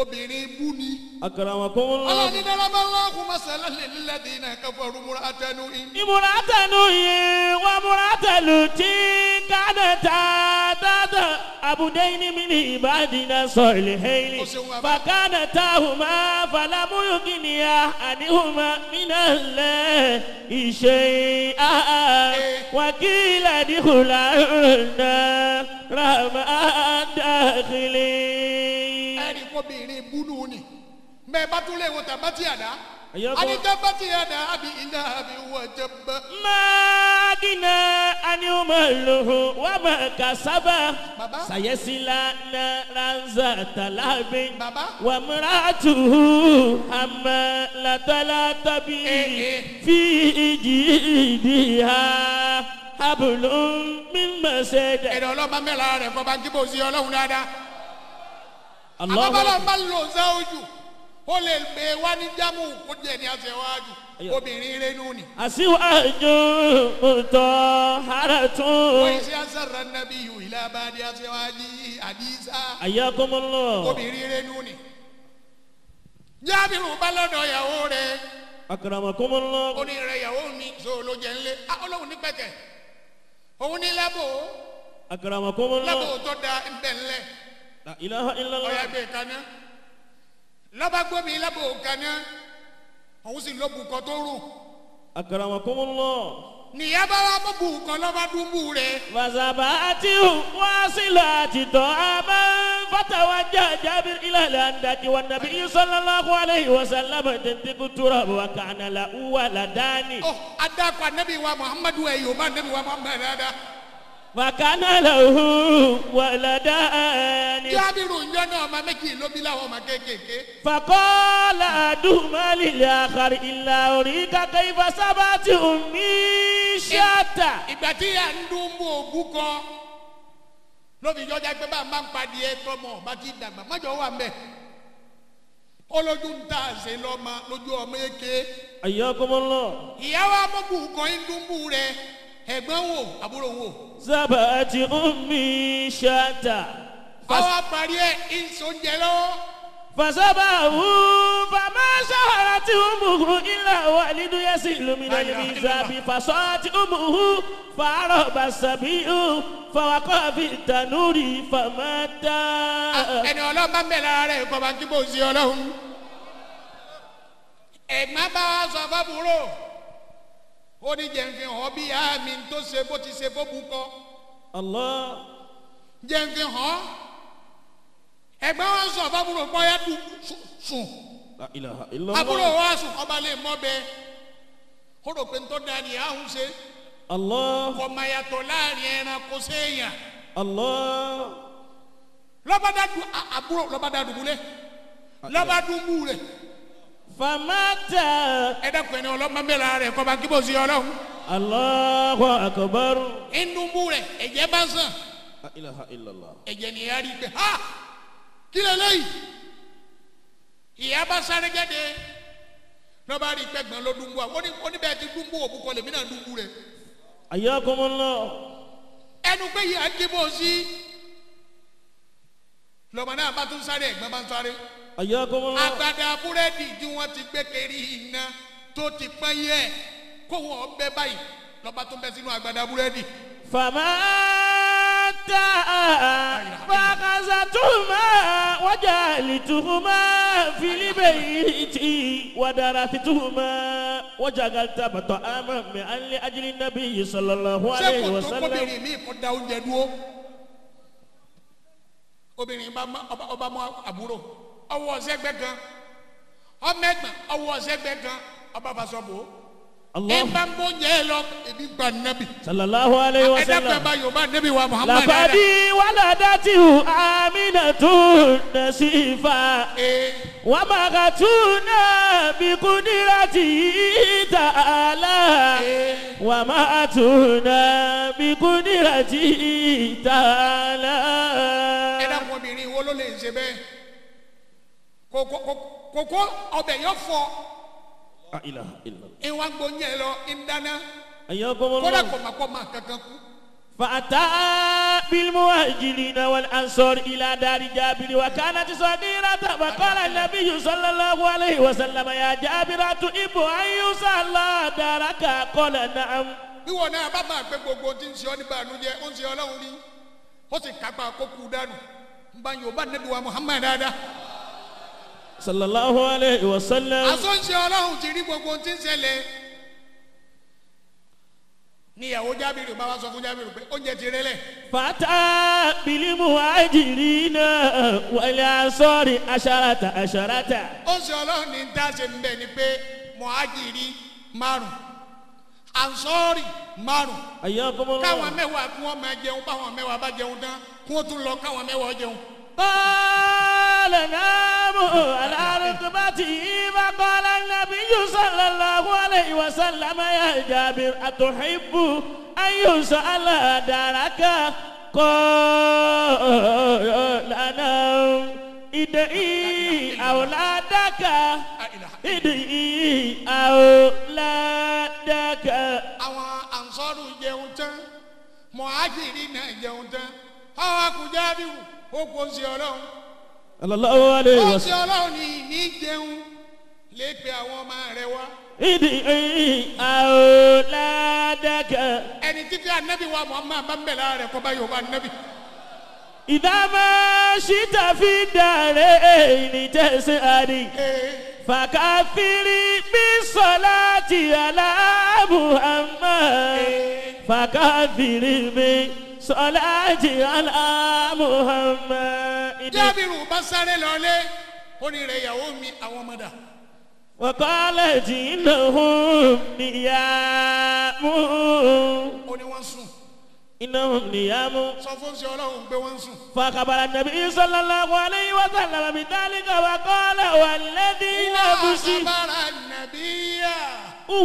obìnrin bú ni. àkàràmọ̀ kó ń lọ. aláàbí dárábà aláàkú masala lèlílẹ̀ dín náà káfọ́ rumura atẹnu yìí. ìmúra atẹnu yìí wà múra atẹnu tí kánà tá dáadáa àbùdé ní mi ní ìbádìínà sọ ilé hẹ́lì. fàkánà tá hùmá fàlámúyò kìnìyà àníhùmá mínà lẹ̀ ìṣe àhà wàkìlà dìkùlà ọ̀nà ràmà dàkìlì ẹ̀rí kóbìnrin búnú ni mẹ bá tún lè wo tà bá ti àdá anita bá ti àdá àbí iná àbí wọ́n jẹ bá. ani ó máa lò ó wà máa kà sábà sàyẹ́sílá na ranza tàlábì wà múra tù ú àmà látọ́lá tàbí fi ìjì ìdí ha abùlù mímọ̀ ṣẹ̀dá. ẹ̀rọ ọlọ́mọ mẹ́la rẹ̀ kọ́ bá ń ọlọ́run dáadáa àbábálà ń bá lò záwójú ó lè gbé wá ní jámù kó jẹ ní aṣèwájú obìnrin rẹnu ni. àṣìwájú tó hàrà tún. wọ́n ṣe àṣàrà nàbí yìí ìlà abáde aṣèwájú àdìsá. àyàkọ́mọ́lọ́. obìnrin rẹnu ni. jábìrún bá lọ́dọ̀ ìyàwó rẹ̀. àkàràmọ̀kọ́mọ́lọ́. ó ní rẹ̀ ìyàwó mi sọ ló jẹ ńlẹ̀ olóhùn ah, ní pẹ̀tẹ̀ òun ní lábò. àkàràmọ̀kọ́mọ́lọ́. lábò tó da ń bẹ̀ ńlẹ̀ la ilaha illallah. ọ̀yà gbé kaná lábàgbọ́mi lábò kaná òun sì lọ bùkọ́ tó rù. akaramakumullah. nìyá bá wà mọ́ bùkọ́ lọ́ba dúnbù rẹ̀. wàzàbà àti wá sílẹ̀ àti dọ̀ àmọ́ fatawa jàjábí ilàlẹ̀ àǹdàjì wà nàbí sallallahu alayhi wa sallam tètèkù tura wà kànáà la wà ládàáni. ọ oh, adakọ anabi wa muhammadu ẹ yorùbá anabi wa muhammadu ẹ wàkánà lòhùn wàlàdà ẹni. kí abiru ń jọ́nà ọmọ méjì ló bí láwọn ọmọ kéékèèké. fàkọ́lá àdùnmọ́lì lè àkàrí ìlà orí kàkẹ́ ìfà sábà tí ò ní ṣáàtà. ìgbà tí à ń dún mú ògùn kan lóbi ìjọba pé bá a máa ń padì ẹ tọmọ bá ti dàgbà mọ́jọ wà mẹ́ olójú ń tà ṣe lọ́mọ lójú ọmọ eke. àyà kọ́mọ́ lọ. ìyàwó amọ́gùn kan ń dún mú rẹ̀ ẹ̀gbọ́n wò àbúrò wò. sábà àti umi ṣáàtà. ọwọ́ parí ẹ̀ ìsọ̀njẹ lọ́wọ́. fasaba hu fama sahara ti umuhu ila wa lidu yasi lumina libi zabi faso ti umuhu faaro basabi u fawakọ fi tanuri famata. ẹni ọlọ́ba ń rẹ̀ kọ́ba kí bò ń sí ọlọ́run. ẹ̀gbọ́n bá wa sọ fọ́ búrò ó ní jẹ̀ǹfin hàn bí àmì tó ṣe bó ti ṣe bó bu kọ. Allah. jẹ̀ǹfin hàn ẹgbẹ́ wọn sọ fábúrò pọ́yá tún sùn. àbúrò wa sùn ọba lè mọ́ bẹ́ẹ̀ ó rò pé ń tọ́ da ni àhùn ṣe. Allah. kò mà yàtọ̀ láàrin ẹranko séèyàn. Allah. lọ́bàdàdù àbúrò lọ́bàdàdù múlẹ̀ lọ́bàdùnmú rẹ̀ famata. ẹ dẹ́kun ẹni ọlọ́mọ mẹ́la rẹ̀ kọ́ba kí bó ṣe ọlọ́run. alahu akabaru. inúbu rẹ̀ ẹ̀jẹ̀ bá sàn. ilaha illallah. ẹ̀jẹ̀ ni ìyá rí i pé ha kí lélẹ́yìí ìyá bá sáré jáde lọ́ba rí i pé gbọ́n ló dùnbù wa ó ní bẹ́ẹ̀ ti dùnbù òbúkọ lèmi náà dùnbù rẹ̀. àyà kọ́mọ lọ. ẹnu pé ìyá kí bó ṣí lọ́ba náà bá tún sáré ẹ̀gbọ́n bá tún sáré agbada búrẹ́dì tí wọ́n ti gbé kiri iná tó ti pẹ́ yẹ kó wọ́n bẹ́ báyìí lọ́ba tó bẹ́ sínú agbada búrẹ́dì. fàmà ta fàkàzà túmọ̀ wájà lìtùmọ̀ fìlíbẹ̀ yìí ti wàdàrà fìtùmọ̀ wájà gàtà bàtọ̀ àmà mi àlẹ́ ajílí nabi yìí sallallahu alaihi wasallam. sẹ́kùn tó kọ́bìnrin mi kò da oúnjẹ dúró obìnrin bá ọba mọ àbúrò ọwọ́ ọ̀sẹ́gbẹ́ gan ọmọ ẹ̀gbọ́n ọwọ́ ọ̀sẹ́gbẹ́ gan ọba fasọ́bò ìbámu yẹ lọ ebi gba nabi. sallallahu alayhi wa sallam ẹ̀dá bá yorùbá nabi wa muhammad. lafadi waladati aminatu nasifa. wamakatu nabi kudirati taala. wamatu nabi kudirati taala. ẹ̀dá kọ́bìnrin wo ló lè ṣe bẹ́ẹ̀. Koko ọbẹ̀ yọ fọ. ìwà gbóyè lọ ìdáná. kódà kò má kọ́ máa kankan kú. فأتى بالمهاجرين والأنصار إلى دار جابر وكانت صغيرة فقال النبي صلى الله عليه وسلم يا ibu أتحب أن يصلى دارك قال نعم bí wọn náà bá máa gbé gbogbo tí ń ṣe ọ ní bàánújẹ ó ń ṣe ọlọ́run rí ó sì kápá kó kú dànù ń bá yorùbá nẹ́bí wa muhammad dáadáa sallallahu alayhi wa sallam. asọ́nṣe ọlọ́run ti rí gbogbo ohun tí ń ṣẹlẹ̀ níyàwó jábìrì bá wa sọ fún jábìrì pé oúnjẹ ti rẹlẹ. fata bilimu ajiri náà wàlẹ́ asọ́rin aṣarata aṣarata. ó sọ ọlọ́run ní dáṣe ń bẹ̀ ni pé muhajiri márùn ansọ́ọ̀rì márùn. káwọn mẹ́wàá kí wọ́n máa jẹun báwọn mẹ́wàá bá jẹun tán kí wọ́n tún lọ káwọn mẹ́wàá jẹun. báà. Ah! الأنام على ركبته فقال النبي صلى الله عليه وسلم يا جابر أتحب أن يسأل دارك قال أنام ادعي أولادك ادعي أولادك àwọn ànsọ́rù jẹun tán mọ̀hájìrì náà jẹun tán àwọn akùjáde òkú sí ọlọ́run Alọ́lọ́wọ́ lè wọ. Ọ̀sẹ̀ ọlọ́run ni ìní jẹun lè pe àwọn ọmọ rẹ wá. Ìdí àwòládàkà. Ẹni títí ànábì wa Muhammad bá ń bẹ̀ lára rẹ̀ kọ́ bá Yorùbá ànábì. Ìdámá ṣíta fi dàrẹ́ èyí tẹ̀sí àdì. Fàkàfìrí bí sọlá ti àlá Muhammad. Fàkàfìrí mi sọláàtì àlá Muhammad. jábìrù bá sáré lọlé ó ní rẹ̀ ìyàwó mi àwọn ọmọdà. wọ́kọ́lẹ̀ tí ń lò ó ní wọ́n sùn innahum niyamu. sọ fún sí ọlọ́run pé wọ́n ń sùn. fakabara nabi sallallahu alayhi wa sallam bi dhalika wa qala walladhi nafsi. wà á kabara nabiya.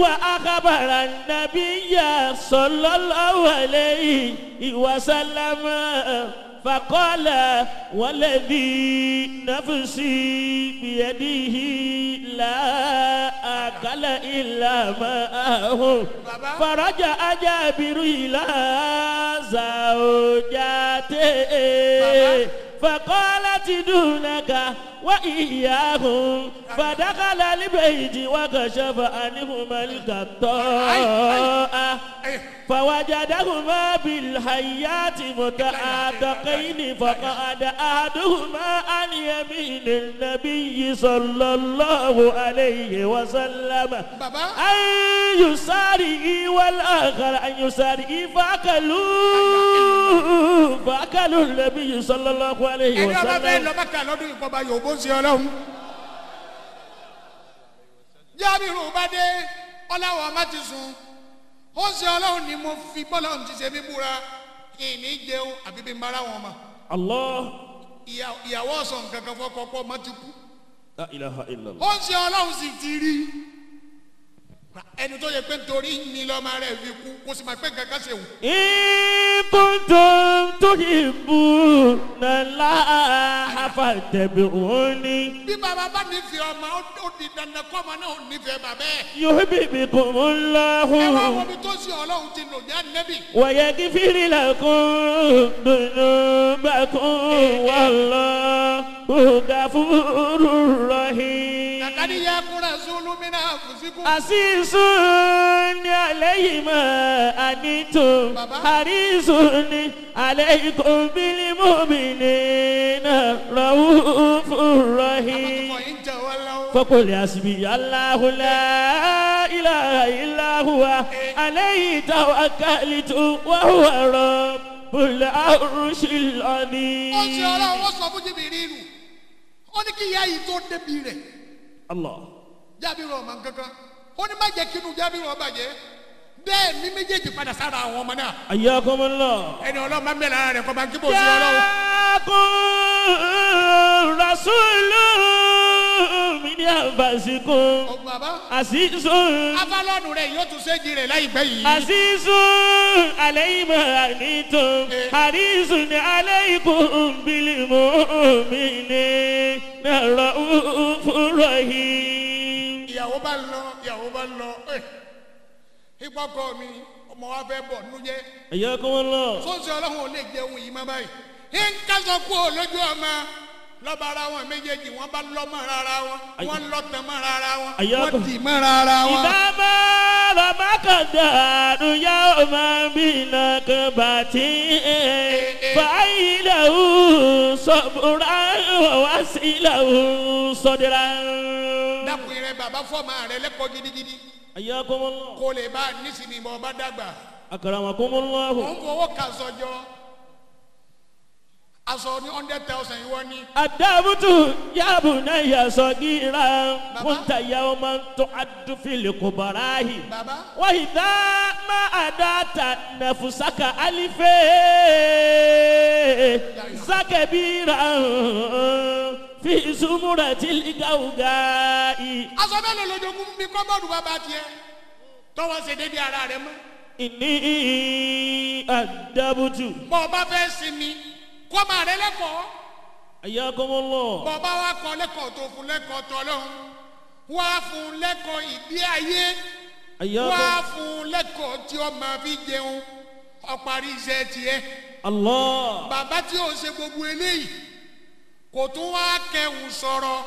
wà á kabara nabiya sallallahu alayhi wa sallam. فقال والذي نفسي بيده لا أكل إلا ماءه فرجع جابر إلى زوجته فقالت دونك وإياهم فدخل البيت وكشف عنهما الغطاء فوجدهما بالحيات متعاتقين فقعد أحدهما عن يمين النبي صلى الله عليه وسلم أن يساره والآخر أن يساره فأكلوا فأكلوا النبي صلى الله عليه alayhi wa sallam. ẹni ọba bẹ́ẹ̀ lọ Mẹ́kà lọ́dún ìkọba yòókù sí ọlọ́run. jábìrù bá dé ọláwọ̀ ọmọ ti sùn ó ṣe ọlọ́run ni mo fi bọ́lọ́run ti ṣe mí búra ìní jẹun àbí bí n bára wọn mọ̀. Allah. ìyàwó ọ̀sán kankan fọ́kọ́ pọ̀ mọ́ ti kú. ó ṣe ọlọ́run sì ti rí i ẹni tó yẹ pé nítorí ni lọ́mọ rẹ̀ fi kú kó sì máa pé kankan ṣe wù. ìbùdó tó yí bú nàlá àfàtẹ̀bí òun ni. bí bàbá bá nífẹ̀ẹ́ ọmọ ó di dandan kọ́ ọmọ náà nífẹ̀ẹ́ bàbá ẹ̀. yóò bèbè kò mú lọ́hùn. ẹ wá wọ́n tó ṣe ọlọ́run ti lò jẹ́ nẹ́bì. wọ̀yẹ kí fìrí là kún dùnú bá kún wọ́n lọ ògà fún rúrọ̀ yìí. kàkàdí yẹ kúrẹ́ sùn lùmínà àṣìṣ حريص علي ما أنتم حريص عليكم بالمؤمنين رؤوف رحيم فقل حسبي الله لا إله إلا هو عليه توكلت وهو رب العرش العظيم. ó ṣe ọlọ́run ó sọ fún jìbìrì nù ó ní kí ìyá yìí tó débi rẹ̀. Allah. jábìrì ọmọ kankan ó ní má jẹ́ jábí wọn bàjẹ́ bẹ́ẹ̀ ni méjèèjì padà sára àwọn ọmọ náà. ayé ọkọ lọ. ẹni ọlọ́run máa ń bẹ̀rẹ̀ ara rẹ̀ kọ́ máa ń kí bò sí ọlọ́run. yàgò rasulu mi ní àbàsíkò. ọgbà bá. yóò tún séjì rẹ̀ láìpẹ́ yìí. àṣìṣù alẹ́ ìmọ̀ àníto. àríṣù ni alẹ́ ikú bílímù mi ní nàrọ̀ fúnrọ̀ yìí ìyàwó bá ń lọ ìyàwó bá ń lọ ìgbọ́kọ̀ eh, mi ọmọ wa fẹ́ bọ̀ nínú jẹ́. ìyá kọ́ wọn lọ. sọ́sì ọlọ́run ò lè jẹun yìí má báyìí. ń kásọ kú ò lójú ọmọ lọ́ba ara wọn méjèèjì wọ́n bá lọ́ mọ́ rárá wọn wọ́n lọ́ mọ́ rárá wọn wọ́n dì mọ́ rárá wọn. ìbámu bàbá kan dànù yá o máa bí iná kan bá ti fàáyì lẹ́hùn sọ̀bùrà wá sí lẹ́hùn sọ̀dẹ̀rà bá fọ́ọ̀mù rẹ lẹ́kọ̀ọ́ gidigidi. àyà kọ́mọ́lá. kó lè bá nísìnyí mọ̀ ọ́ dàgbà. àkàrà wọn òun kò wọ́ kà aṣọ ní hundred thousand ìwọ ni. àdàbùtù yàbù náà yàsọ gíra wọn ta ya wọn máa ń tọ adúfilè kò bàrà yìí. bàbá. wọ́n yìí dá má àdáta nàfùsákà àlìfẹ́ sákẹ́bìrà fi sùmùrà tìlí gàwùgà yìí. aṣọ mélòó lójoogun mi kọ́ bọ́ọ̀dù bàbá tiẹ̀ tọ́wọ́ ṣe débi ara rẹ mọ́. ìní àdàbùtù. bọ́ọ̀ bá fẹ́ sinmi kọ́ máa rẹ lẹ́kọ̀ọ́. ẹ̀yà kọ́mọ́ lọ. bọ̀bá wa kọ́ lẹ́kọ̀ọ́ tó fún lẹ́kọ̀ọ́ tọ́lọ́hún wá fún lẹ́kọ̀ọ́ ìgbé ayé wá fún lẹ́kọ̀ọ́ tí ó máa fi jẹun ọparí iṣẹ́ tiẹ̀. Allah. bàbá tí ó ṣe gbogbo eléyìí kò tún wá kẹwù sọ̀rọ̀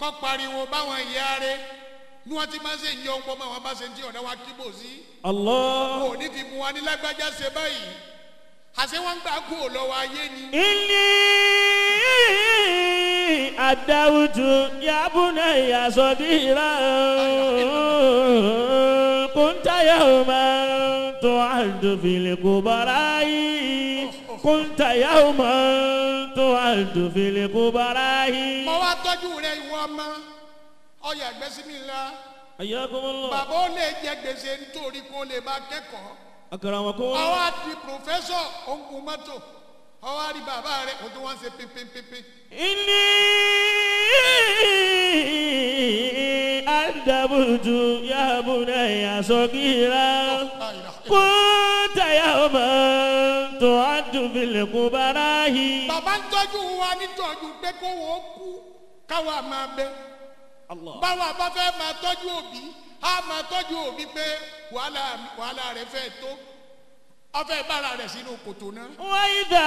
kọ́ pariwo báwọn ìyá rẹ̀ ní wọ́n ti máa ṣe ìyọ̀ ọ̀pọ̀ mọ́ àwọn bá ṣe ń tí ọ̀dá wa kíbò sí. Allah. kò ní ti mú wa ní lágbájá ṣe báyìí àṣé wọ́n ń gbà kú lọ́wọ́ ayé ni. ilé àdáwùjù yabuna yasọdira kúntàyà ọmọ tó àdùfìlì kò bára yìí kúntàyà ọmọ tó àdùfìlì kò bára yìí. mo wá tọ́jú rẹ ìwọ ọmọ ọyà gbèsè mi la. bàbá ó lè jẹ gbèsè nítorí kó lè bá kẹ́kọ̀ọ́ àkàràmọ̀kọ́. àwa di pòfẹ́sọ̀ ogun mọ́tò àwa di bàbá rẹ̀ kó tó wọ́n ṣe pínpínpínpín. ìní àdàbùtù yàbùnà ìyàsọ́kìlá kó tàyà ọmọ tó àdùnfilẹ̀ kó bára yìí. bàbá ń tọ́jú wa nítọ́jú pé kó wọ́n kú káwa máa bẹ báwa bá fẹ́ máa tọ́jú òbí a máa tọ́jú òbí pé wàhálà wàhálà rẹ fẹ́ tó ọfẹ bára rẹ sínú kòtò náà. wọ́n yí dà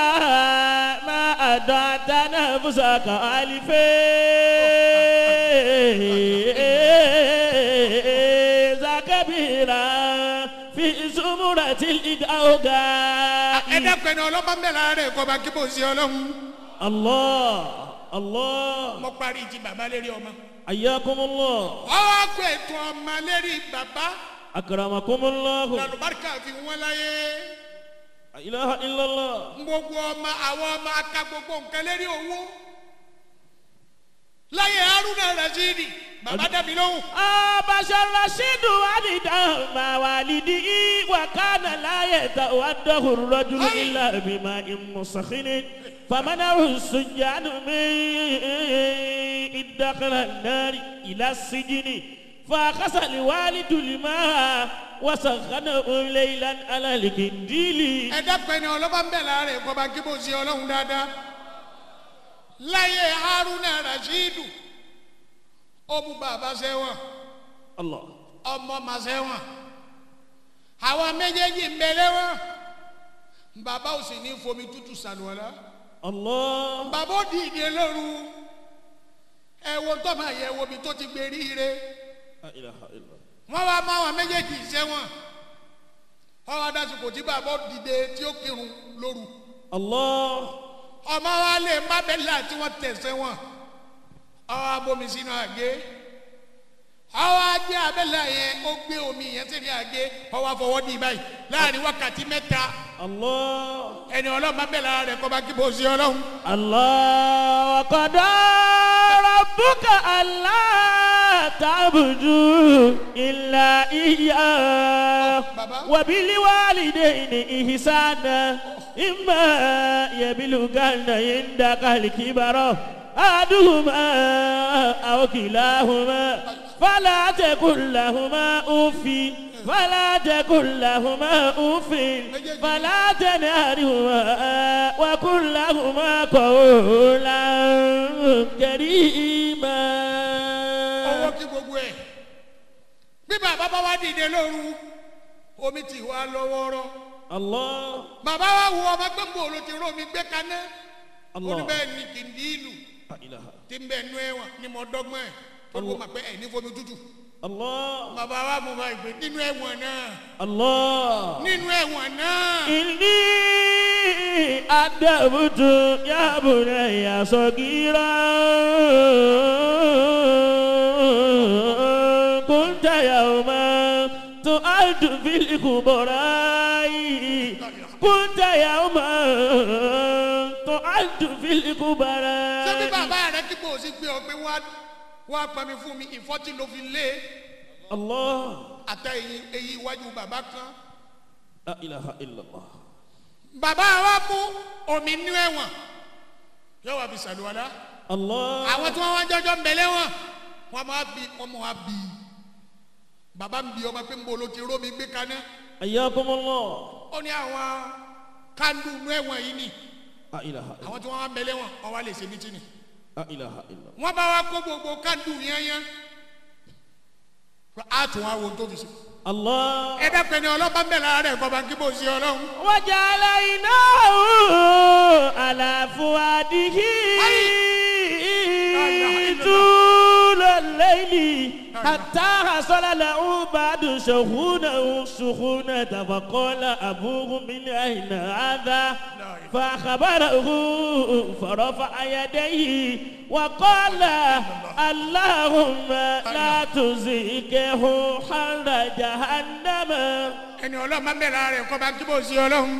má àdán àtàná fúnṣà kan àlìfẹ́ zakabira fi ìsúmúra tí ìdá ọ̀gá. ẹ dákun ẹni ọlọ́mọ mẹ́la rẹ̀ kọba kí mo ṣe ọlọ́run. Allah Allah. mo parí ìjì bàbá lérí ọmọ. ayé akumulọ. ọwọ́ akọ ètò ọmọ lérí bàbá akaramakomolahu. làlùbáríkà fi wọ́n láyé. ilaha illallah. gbogbo ọmọ àwọn ọmọ aka gbogbo nǹkan lérí owó. láyé haruna rasidi bàbá dàbí lóhùn. abasa rasidu adida mawalidi wakana láyé ta wa dọ̀hùrù lọ́dún ilà bímá ìmùsàkínì famanahu sunjanu mi idakala nari ila sijini. فأخذ الوالد الماء وسخنه ليلا على الكنديل ẹ dákun ẹni ọlọ́ba ń bẹ̀ láàárẹ̀ ìkọba kí bó ọlọ́run dáadáa láyé haruna rasheedu ó mú bàbá sẹ́wọ̀n ọmọ mà sẹ́wọ̀n àwọn méjèèjì ń bẹ lẹ́wọ̀n bàbá ò sì ní fomi tútù sàlùwọ̀lá bàbá ó dìde lóru ẹ wo tọ́mọ àyẹ̀wò mi tó ti gbé rí ire wọ́n wá mọ àwọn méjèèjì sẹ́wọ̀n ọwọ́ adásùkò tí bàbá dìde tí ó kírun lóru. ọmọ wa lè má bẹ́lá tí wọ́n tẹ̀ sẹ́wọ̀n ọwọ́ abomi sínú àgé ọwọ́ ajé abẹ́lá yẹn ó gbé omi yẹn sínú àgé ọwọ́ afọwọ́dì báyìí láàrin wákàtí mẹ́ta. ẹni ọlọ́run bá bẹ̀rẹ̀ rẹ̀ kọ́ bá kí bó ṣe ọlọ́run. Allah wa qada rabbuka Allah. تعبدوا إلا إياه وبالوالدين إحسانا إما يبلغن عندك الكبر أحدهما أو كلاهما فلا تقل لهما أف فلا تقل لهما أف فلا تنهرهما وقل لهما قولا كريما bí bàbá bá wá dìde lóru omi ti wá lọ́wọ́ Allah. bàbá wa wo ọmọ gbẹ́ngbò ló ti rómi gbé kaná. Allah. ni kì í ní ìlú. tí ń bẹ́ẹ̀ nú ẹ̀wọ̀n ni mo dọ́gbọ́n ẹ̀ tó kó ma pé ẹ̀ ní fomi tútù. Bàbá wa mo máa gbé nínú ẹ̀wọ̀n náà. Nínú ẹ̀wọ̀n náà. Ìní àdàbùtù yàbùrẹ̀ yàsọ̀gìrà. أنت يوما تعد في الكبراء كنت يوما تعد في الكبراء. ṣé bí bàbá rẹ kí mo sì gbé ọgbẹ́ wá wá pami fún mi ìfọ́tí ló fi lé. Allah. àtẹ eyín eyín iwájú bàbá kan. la ilaha illallah. Baba wa mú omi nú ẹ̀wọ̀n yóò wá fi ṣàlùwàlá. Allah. àwọn tí wọ́n wá jọjọ́ mbẹ̀lẹ́ wọn wọ́n máa bí wọ́n máa bí bàbá mi bi ọmọ pé ń bo ti rómi gbé kaná. ẹ̀yà kọ́mọlọ́. ó ní àwọn kandu inú ẹ̀wọ̀n yìí ni. àwọn tí wọ́n wá mẹ́lẹ́ wọn wọ́n wá lè ṣe mítìnì. wọ́n bá wa kó gbogbo kandu yányán. a tún wá wo tó fi ṣe. Allah. ẹ dápẹ́ ni ọlọ́ba ń bẹ̀ lára rẹ̀ gbọ́dọ̀ kí bó ṣe ọlọ́run. wọ́n jẹ́ aláìná òun. حتى حصل له بعد شهونه سخونة فقال أبوه من أين هذا فأخبره فرفع يديه وقال اللهم لا تزيكه حر جهنم ẹni ọlọ́run máa ń bẹ̀rẹ̀ ara rẹ̀ kọ́ bá túbọ̀ sí ọlọ́run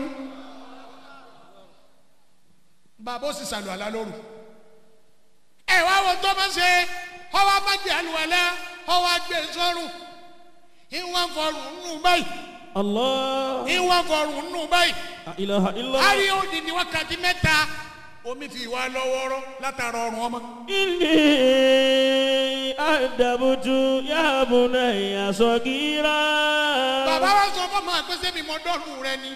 bàbá ó sì sàlù àlá lóru ẹ̀ wá wo tó máa ń ṣe ọwọ́ máa jẹ́ àlùwalẹ́ ọwọ́ agbè sọ́run ìwọ́n fọrùn nù báyìí. Allah. ìwọ́n fọrùn nù báyìí. ilaha illallah. a rí òdì ní wákàtí mẹ́ta omi fi wá lọ́wọ́rọ́ látara ọrùn ọmọ. ilé àdàbùtù yàbùnà ìyàsọ̀gìrà. bàbá wa sọ fún ọmọ àgbẹ̀sẹ̀ mi mọ́ dọ́ọ̀nù rẹ ni.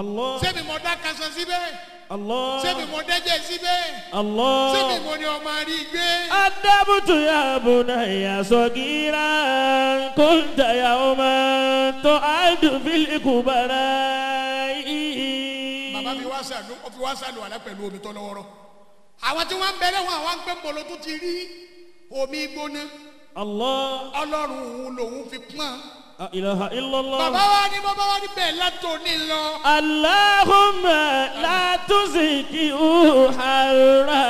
Allah. Ṣé mọ̀ dá kaṣọ síbẹ̀? Allah. Ṣé mọ̀ dẹ́jẹ̀ síbẹ̀? Allah. Ṣé mọ̀ ni ọmọ rí gbé? Adábùtù ya bùnà ìyá sọ̀gírà kò ń jàyà ọmọ tó àdùnfílì kù bàrà yìí. Bàbá mi wá sàlù ó fi wá sàlù àlẹ́ pẹ̀lú omi tó lọ́wọ́rọ́. Àwọn tí wọ́n bẹ̀rẹ̀ wọn àwọn pẹ́ mbolo tó ti rí omi gbóná. Allah. Ọlọ́run òun lòun fi pọ́n ilaha illallah. bàbá wa ni bàbá wa ni bẹ́ẹ̀ látò ní lọ. aláhùnmá látúnṣe kí ó hàrá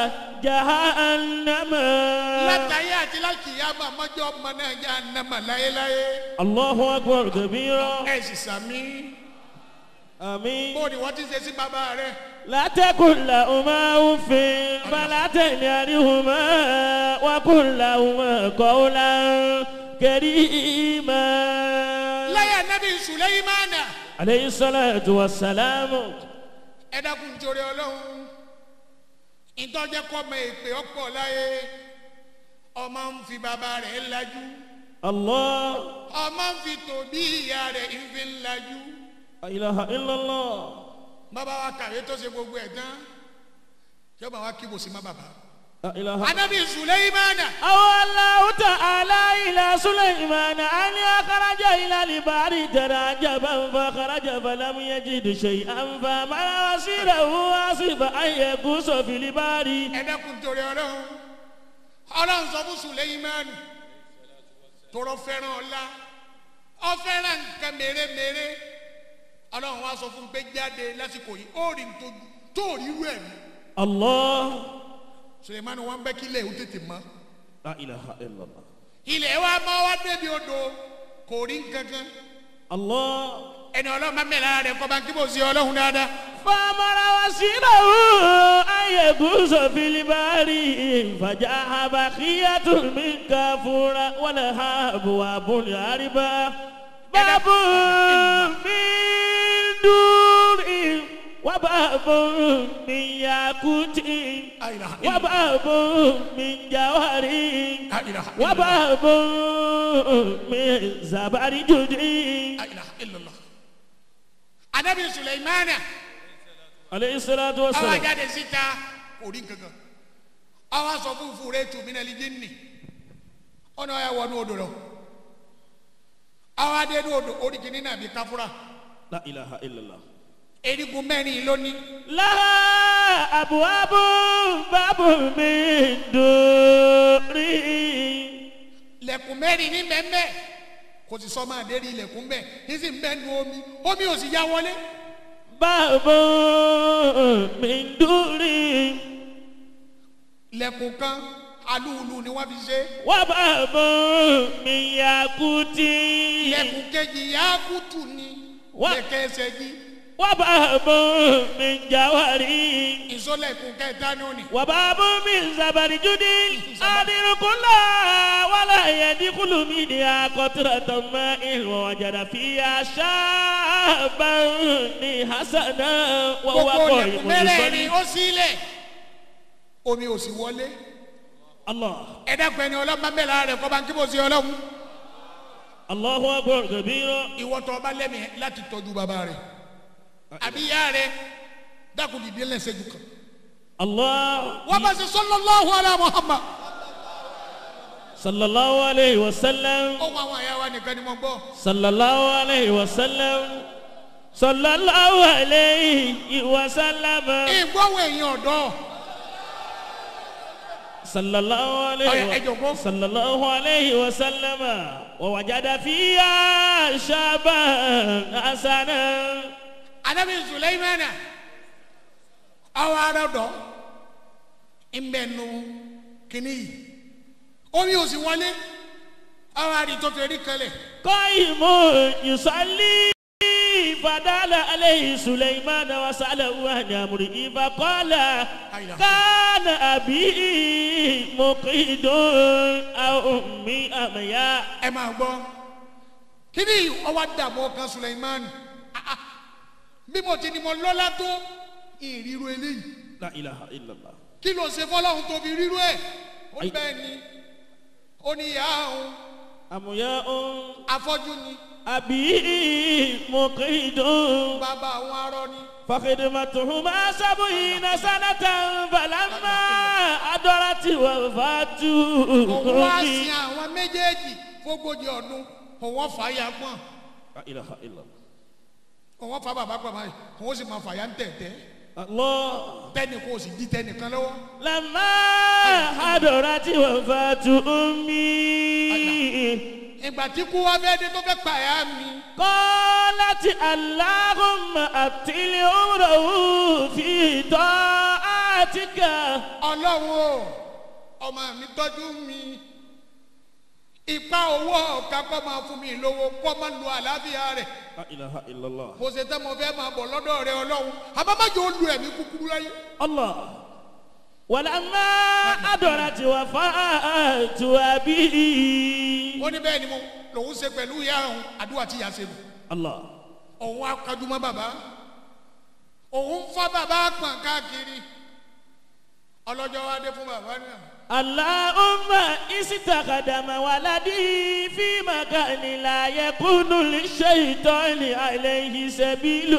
jahannama. látàyé àti lákìyàmà mọ́jọ́ ọmọ náà jahannama láyéláyé. aláhu akbar kabira. ẹ sì sàmí. àmín. bó ni wọ́n ti ṣe sí bàbá rẹ̀. لتكن لهما أف فلا تنهرهما وقل لهما قولا كريما لا يا نبي سليمان عليه الصلاة والسلام ẹ̀dá kun jòrè ọlọ́run ìtọ́jẹ́ kọ́ mọ èpè ọ̀pọ̀ láyé ọmọ ń fi bàbá rẹ̀ lajú. Allah. ọmọ ń fi tòbí ìyá rẹ̀ ń fi lajú. ilaha illallah. bàbá wa kàwé tó ṣe gbogbo ẹ̀ tán yóò bá wa kí bòsí má bàbá anabi suleimana. awala uta ala ila suleimana ani akaraja ila libari tara jaba nfa karaja falamu yeji duse anfa mara wasira hu asiba aye guso filibari. ẹ̀dá kun torí ọlọ́run ọlọ́run sọ fún suleimana tọrọ fẹ́ràn ọlá ó fẹ́ràn nǹkan mèremère ọlọ́run wa sọ fún pé lásìkò yìí ó rí nítorí tó rí rú ẹ̀mí. Allah sulemani wọn bẹ kílẹ̀ ó tètè mọ́. la ilaha illallah. ilẹ̀ wa ma wa débi odò kò rí gangan. Allah. ẹni ọlọ́run máa ń bẹ̀ lára rẹ̀ kọ́ bá ń kí bò sí ọlọ́run dáadáa. fọmọra wa sílẹ̀ o ayé gúúsọ̀ filibari ìfàjà àbàkíyàtò mi kà fúnra wọn ha àbùwà àbùnì àríbá. bábù mi dùn. وباب من ياقوت وباب من جوهر وباب من زبرجد لا اله الا الله النبي سليمان عليه الصلاه والسلام àwọn jáde síta kò rí nǹkan kan àwọn sọ fún fúre tù mí náà lè wọnú odò lọ àwọn adé odò orí kìíní náà la ilaha illallah. Erigun mẹ́rin ló ní. Láhà àbúhábù bábù mi dòrí. Lẹ̀kùn mẹ́rin ní mẹ́mẹ́ kò sì sọ máa dérí ilẹ̀kùn bẹ́ẹ̀ ní sì ń bẹ́ẹ̀ nu omi omi ò sì yá wọlé. Bábù mi dòrí. Lẹ̀kùn kan alúùlù ni wọ́n fi ṣe. Wọ́n bá bọ̀ mi yàkútì. Lẹ̀kùn kejì yàkútù ni. Wọ́n ẹsẹ̀ yìí wàbà bò mí jawari. ìsọlẹ̀ kò kẹ́ dánú ni. wàbà bò mí zabari judi. adirukunla wàlà yẹdi kulu mi ni a kọtura tọ́mọ ìwọ̀n fi aṣa bá ní hasana wàwà kọ ìwọ̀n ni ó sílẹ̀ omi ò sì wọlé. ẹ dàgbẹ́ ni ọlọ́mọ mẹ́la rẹ̀ kọ́ bá ń kí bó ṣe ọlọ́run. alahu akbar kabiira. ìwọ tó ọba lẹ́mìí láti tọ́jú bàbá rẹ̀ àbí ìyá rẹ dákun dìde lẹ́sẹ̀jú kan. Allah. wọ́n bá ṣe sallallahu ala Muhammad. sallallahu alayhi wa sallam. ó wọ àwọn àyà wa nìkan ni mo gbọ́. sallallahu alayhi wa sallam. sallallahu alayhi wa sallam. ìgbọ́wọ́ èèyàn ọ̀dọ́. sallallahu alayhi wa sallallahu alayhi wa sallam. wa wajada fiya shaban hasanan anabi sulaimana awo ara dɔ nbɛnu kini yi omi o si wọlé ari tó feri kalẹ̀. kọ́ìmọ̀ ìsọ̀lì fadala aleyhi suleiman wasala wanyamuri ifa kọ́la kánà àbí mọ̀kìdùn àwọn mi àmì ya. ẹ máa gbọ́ kí ni ọwọ́ dààmú bí mo ti ni mo lọ́lá tó ìrírò eléyìí. la ilaha illallah. kí ló ṣe fọlọ́hún tóbi rírú ẹ̀ ó bẹ́ẹ̀ ni ó ní ìyá òun. àmúyá òun. afọ́jú ni. àbí mo kì í dùn. bàbá àwọn arọ ni. فخدمتهما سبعين سنة فلما أدرت وفاته òun wá sin àwọn méjèèjì fógójì ọdún òun fàáyà gbọ́n. la ilaha illallah wọ́n fa bàbá pàmò yìí wọ́n sì máa fàyà ń tẹ̀tẹ̀. tẹ́nì kò sì di tẹ́nì kan lọ́wọ́. lẹ́mọ́ àdọ̀rà tí wọ́n fa tu mi ìgbà tí kú wá fẹ́ di tó fẹ́ pààyà mi. kọ́ láti aláhùnmá àtìlẹ̀ òwúrọ̀ fi tọ́ àtìkà. ọlọ́run o ọmọ mi tọ́jú mi ipa owó ọ̀ka kọ́ máa fún mi lówó kọ́ máa lu àlàáfíà rẹ̀. ilaha illallah. mo ṣe tẹ́ mo fẹ́ máa bọ̀ lọ́dọ̀ rẹ ọlọ́run àbámájọ ó lu ẹ̀mí kúkúrú láyé. Allah wàlámà àdọ̀rà tí wà fà á tù ó ní bẹ́ẹ̀ ni mo lòun ṣe pẹ̀lú ìyá òun àdúrà tí ìyá ṣe mu. Allah. òun akadumọ baba. òun fọ́ bàbá pọ̀n káàkiri ọlọ́jọ́ wa fún bàbá náà. اللهم استخدم ولدي في مكان لا يكون للشيطان عليه سبيل.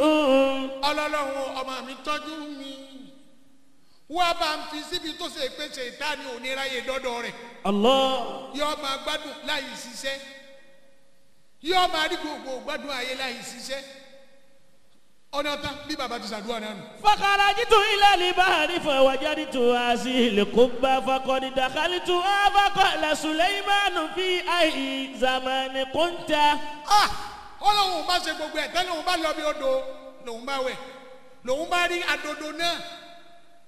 اللهم ọmọ mi tọ́jú mi wọ́n bá ń fi síbi tó ṣe pé ṣètánì ò ní ráyè dọ́dọ̀ rẹ̀. Allah. yóò máa gbádùn láì ṣiṣẹ́ yóò máa rí gbogbo gbádùn ayé láì ṣiṣẹ́ ọ̀nà tán bí bàbá ti ṣàdúrà náà nù. fakara jitu ilẹ̀ libari fọwọ́jà jitu azi lẹ́kọ̀ọ́gbà fakọ́ni dakali tu abakọ̀ la suleimanu fi ayi zamani kunta. ọlọ́run ah! bá ṣe gbogbo ẹ̀ tẹ́lẹ̀ òun bá lọ bí odò lòun bá wẹ̀ lòun bá rí adodo náà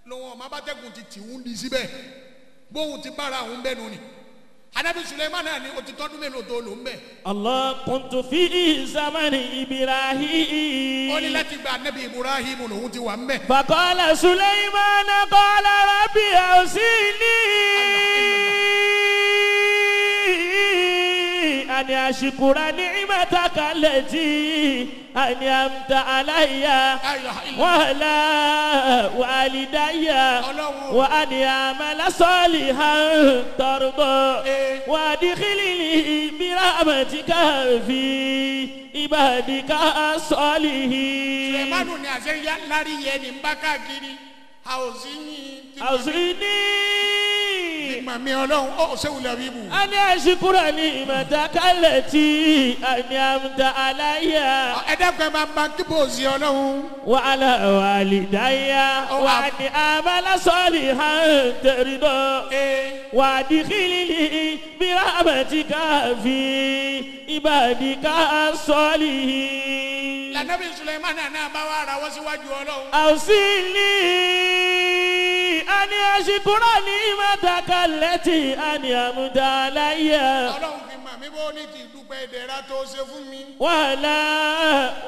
lòun ọ̀ma bá tẹ̀kùn ti tì di síbẹ̀ bóun ti bára òun bẹ́nu ni anabi suleiman náà ni o ti tọdún mélòó tó lò ń bẹ. Allah kuntu fi Ibrahim. ó ní láti gba anabi Ibrahim lòun ti wà ń bẹ. Faqala Suleiman qala rabbi awsini. أن أشكر نعمتك التي أنعمت علي وعلى والدي وأن أعمل صالحا ترضى إيه. وأدخلني برحمتك في عبادك الصالحين أوزيني Màmí ọlọ́run ọ̀ ṣéwù làbí bù. A ní àṣìkúrò ní ìmọ̀ta kálẹ̀ tí àmì àmúta aláyà. Ẹ dẹ́kun ẹ máa ma kí bò sí ọlọ́run. Wà á lọ wà lè dáyà. Wà á ní àmàlà hàn tẹ̀rí náà. Wà á di kílìlì bí rábàtì káfí ìbàdí ká Lànà bí Sùlẹ̀mánà náà bá wà ra wọ́n síwájú ọlọ́run. Àwùsí ni àní àṣìkúrò ní mẹ́tàkà lẹ́tì ani àmúdá aláyẹ. ọlọ́run fi mà mí bó ní ti dúpẹ́ ìdẹ̀ra tó ṣe fún mi. wàhálà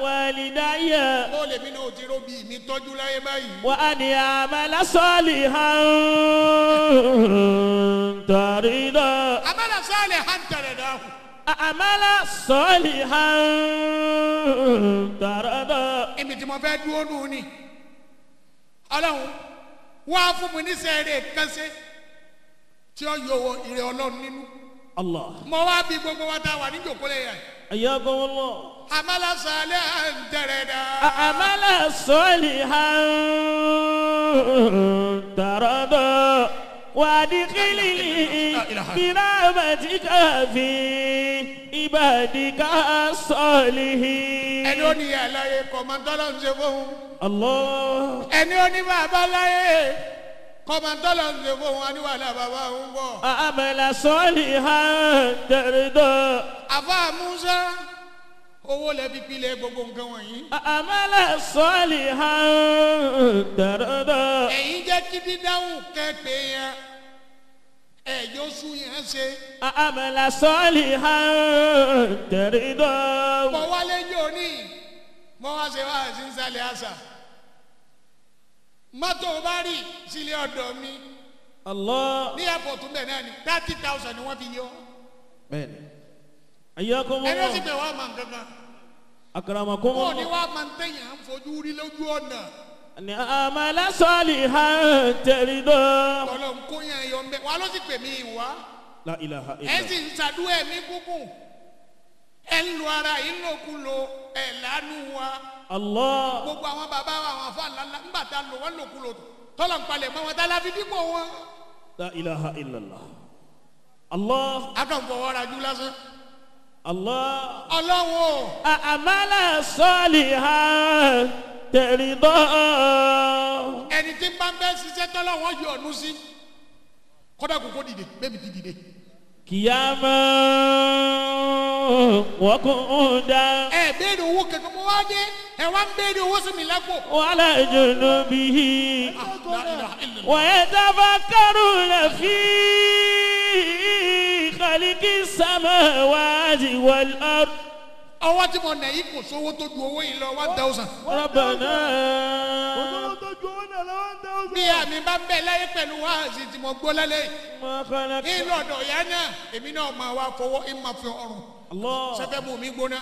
wàlídáyẹ. ó lèmi náà ti róbi mi tọ́jú láyé báyìí. wà á ní àmàlà sọ́ọ̀lì hàn tàrí náà. àmàlà sọ́ọ̀lì hàn tàrí náà. àmàlà sọ́ọ̀lì hàn tàrí náà. ibi tí mo fẹ́ dúró nù ni ọlọ́run wá fún mi níṣẹ́ eré kánṣe tí ó yọ ìrẹ ọlọ́run nínú. Allah. mo wá bí gbogbo wa tá wà ní jòkólẹ̀ yẹn. ẹ̀yọ́ gbọ́n wọn lọ. amala sọlẹ̀ à ń tẹ̀rẹ̀ dá. amala sọlẹ̀ à ń tẹ̀rẹ̀ dá. وادخلي برحمتك في عبادك الصالحين ẹni ó ní ìyá láyé kò mọ tọ́lọ̀ ń ṣe fóun. Allah. ẹni ó ní bàbá láyé kò mọ tọ́lọ̀ ń ṣe fóun aníwàlá bàbá òun bọ̀. àmàlà sọ́ọ̀lì hàn dẹ̀rẹ̀dọ̀. àfa Musa owó lẹ́bi pilẹ̀ gbogbo nǹkan wọ̀nyí. àmàlà sọ́ọ̀lì ha dàrọ́dọ̀. ẹ̀yin jẹ́ kí dídáhùn kẹ́pẹ́ yẹn ẹ̀ yóò sún yẹn ṣe. àmàlà sọ́ọ̀lì ha dàrọ́dọ̀. mo wálé yóò ní mo wá ṣe wá sí sálẹ̀ àṣà mọ́tò bá rí sílé ọ̀dọ̀ mi. Allah. ní ẹ̀pọ̀ tún bẹ̀ náà ni thirty thousand ni wọ́n fi yọ. bẹ́ẹ̀ni ẹyẹ kó mọ. ẹni tí bẹ wá máa ń kankan. akarama kó mọ. bọ́ọ̀ni wá máa ń tẹ̀yìn à ń fojú rí lójú ọ̀nà. ni àmàlà sọ́ọ̀lì ha tẹ̀lé dọ́. tọ́lọ̀ ń kó yẹn yọ mbẹ́ wa ló sì pè mí wá. la ilaha illa. ẹ sì ń ṣàdúrà ẹ̀mí kúkú ẹ ń lo ara yìí lòkulò ẹ lánú wa. Allah. gbogbo àwọn bàbá wa àwọn afa ńlá ńgbà tá a lò wọ́n lòkulò tọ́lọ̀ ń palẹ̀ mọ́ wọn tá a láfi dípò wọn. la ilaha illallah. Allah. a kàn fọwọ́ ra jù Allah. Ọlọ́run. Àmàlà sọ́ọ̀lì ha tẹ̀rí dọ́. Ẹni tí bá ń bẹ́ ṣiṣẹ́ tọ́lọ̀ wọ́n yọ ọ̀nù sí. Kọ́dà kò kó dìde, bẹ́ẹ̀ mi ti dìde. Kìyàmá wọ́n kún dá. Ẹ béèrè owó kẹ̀kẹ́ mo wá Ẹ wá ń béèrè owó sí mi lápò. Wàhálà ìjọ̀nà bí i. Wọ́n yẹ dábàá kárùn-ún rẹ̀ fíì. خلق السماوات والأرض ọwọ́ tí mo nà yìí kò sówó tó ju owó yìí lọ one thousand. rọ́bànà. kò sówó tó ju owó náà lọ one thousand. bí àmì bá ń bẹ láyé pẹ̀lú wáàzì tí mo gbọ́ lálẹ́ yìí. ní lọ́dọ̀ ìyá náà èmi náà máa wá fọwọ́ ẹ̀ máa ọrùn. sẹ́fẹ̀ mú mi gbóná.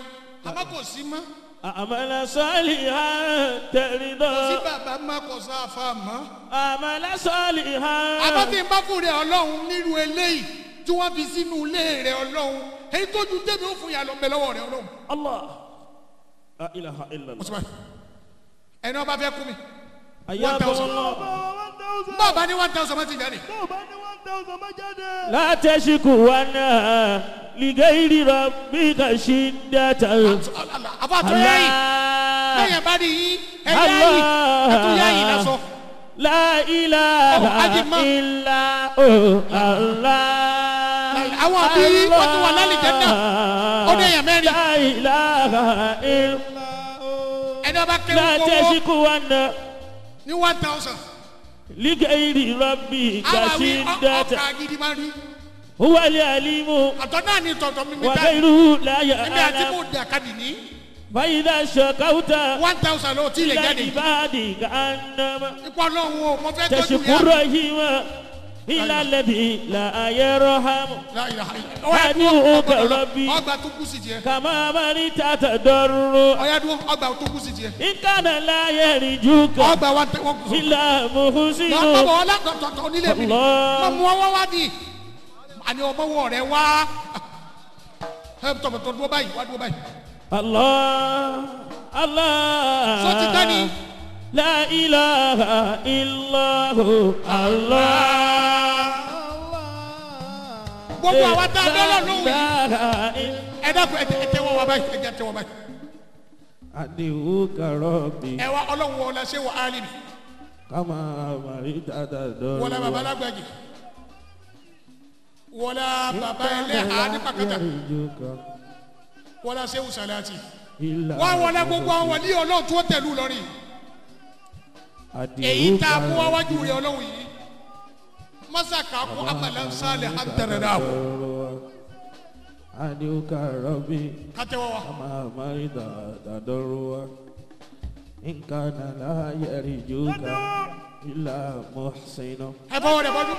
àmọ́ kò sí mọ́. àmàlà sọ́ọ̀lì ha tẹ̀lé dọ́. kò sí bàbá má kò sá àfa mọ́. àmàlà sọ́ọ̀lì ha. àbátí ń bá fúre ọlọ́run nílùú eléyìí tí wọ́n fi sínú ilé rẹ̀ ọlọ́run èyí tó ju tẹ́mi ó fún ìyàlọ́ bẹ lọ́wọ́ rẹ̀ ọlọ́run. Allah la ilaha illallah. Usman ẹni ọba fẹ́ kú mi. one thousand. bọ́ọ̀ bá ní one thousand mọ́tì jáde. bọ́ọ̀ bá ní one thousand mọ́tì jáde. látẹ̀síkù wa náà lìgẹ́yìrì rọ bí kà sí dáta. àbọ̀ àtúnyẹ́yìn lẹ́yìn bá rí yín ẹ̀yẹ́yìn ẹ̀túnyẹ́yìn lásán. Oh, oh. La ilaha illa Allah. Àwọn àbí wọ́n ti wà lálẹ́ jẹ́ náà. Ó ní èèyàn mẹ́rin. La ilaha illa. Ẹni ọba kẹ́wọ́ kọ́wọ́. Láti ẹ̀sìn kú wa nà. Ní one thousand. Lígẹ̀ ìrì rọ́bì gàtí ń dẹ́tẹ̀. Àwọn àbí ọkà gidi máa rí. Wọ́n wà lé àlímù. Àtọ̀ náà ni tọ̀tọ̀ mímí báyìí. Wà á bẹ̀rù láyà ara. Ẹ̀mí àti mú dàkadì ní fàyídà ṣàkàwùtà. one thousand o ti lè jáde. ilà ìbàdí gàánàmà. ipò ọlọ́run o mo fẹ́ tọ́jú yá. tẹ̀síkúrò yìí mọ́ ilà lẹ́bi là ayé rọ́hámù. láàyè ọgbà rọ́bì. ọgbà tó kù sí jẹ. kàmá amari tata dọ́rọ́. ọ̀yá dún ọgbà tó kù sí jẹ. ìkànnà láyé rí ju kan. ọgbà wa tẹ wọn kù sọ. ilà mùsùlùmí. lọ́pọ̀ bọ̀ ọlọ́tọ̀tọ̀ onílé mi. mọ̀ mú ọwọ́ wá di. àní ọmọ wọ̀ rẹ̀ wá. ẹ tọ̀tọ̀ dúró báyìí wá dúró báyìí. Allah, Allah. Sọ ti tẹ́ ni. La ilaha illahu Allah. Gbogbo àwa tá a dọ́lọ̀ lóhùn yìí. Ẹ dákun ẹ tẹ wọ́n wá báyìí, ẹ jẹ́ tẹ wọ́n báyìí. Àdéhùn kàrọ̀ mi. Ẹ wá ọlọ́run wọlé ṣé wọ́n á mi. Kama màrí dada dọ́lọ̀. Wọlé bàbá alágbàjì. Wọlé bàbá ẹlẹ́hàá ní pàkátà wọlá sẹ́wù sàlẹ́àtì wá wọlé gbogbo àwọn wọlé ọlọ́run tó tẹ̀lú lọ́rìn èyí tá a mú wáwájú rẹ ọlọ́run yìí mọ́sàkà kún amalan sálẹ̀ àtẹ̀rẹ̀dá o. adiuka rọbì kátẹ́wọ́ wa. màmá ìdá dàdọ́rọ́ wa nǹkan nàlá yẹrì jùkà ilà mọ́sìnà. ẹ bọ́wọ́ rẹ bọ́dún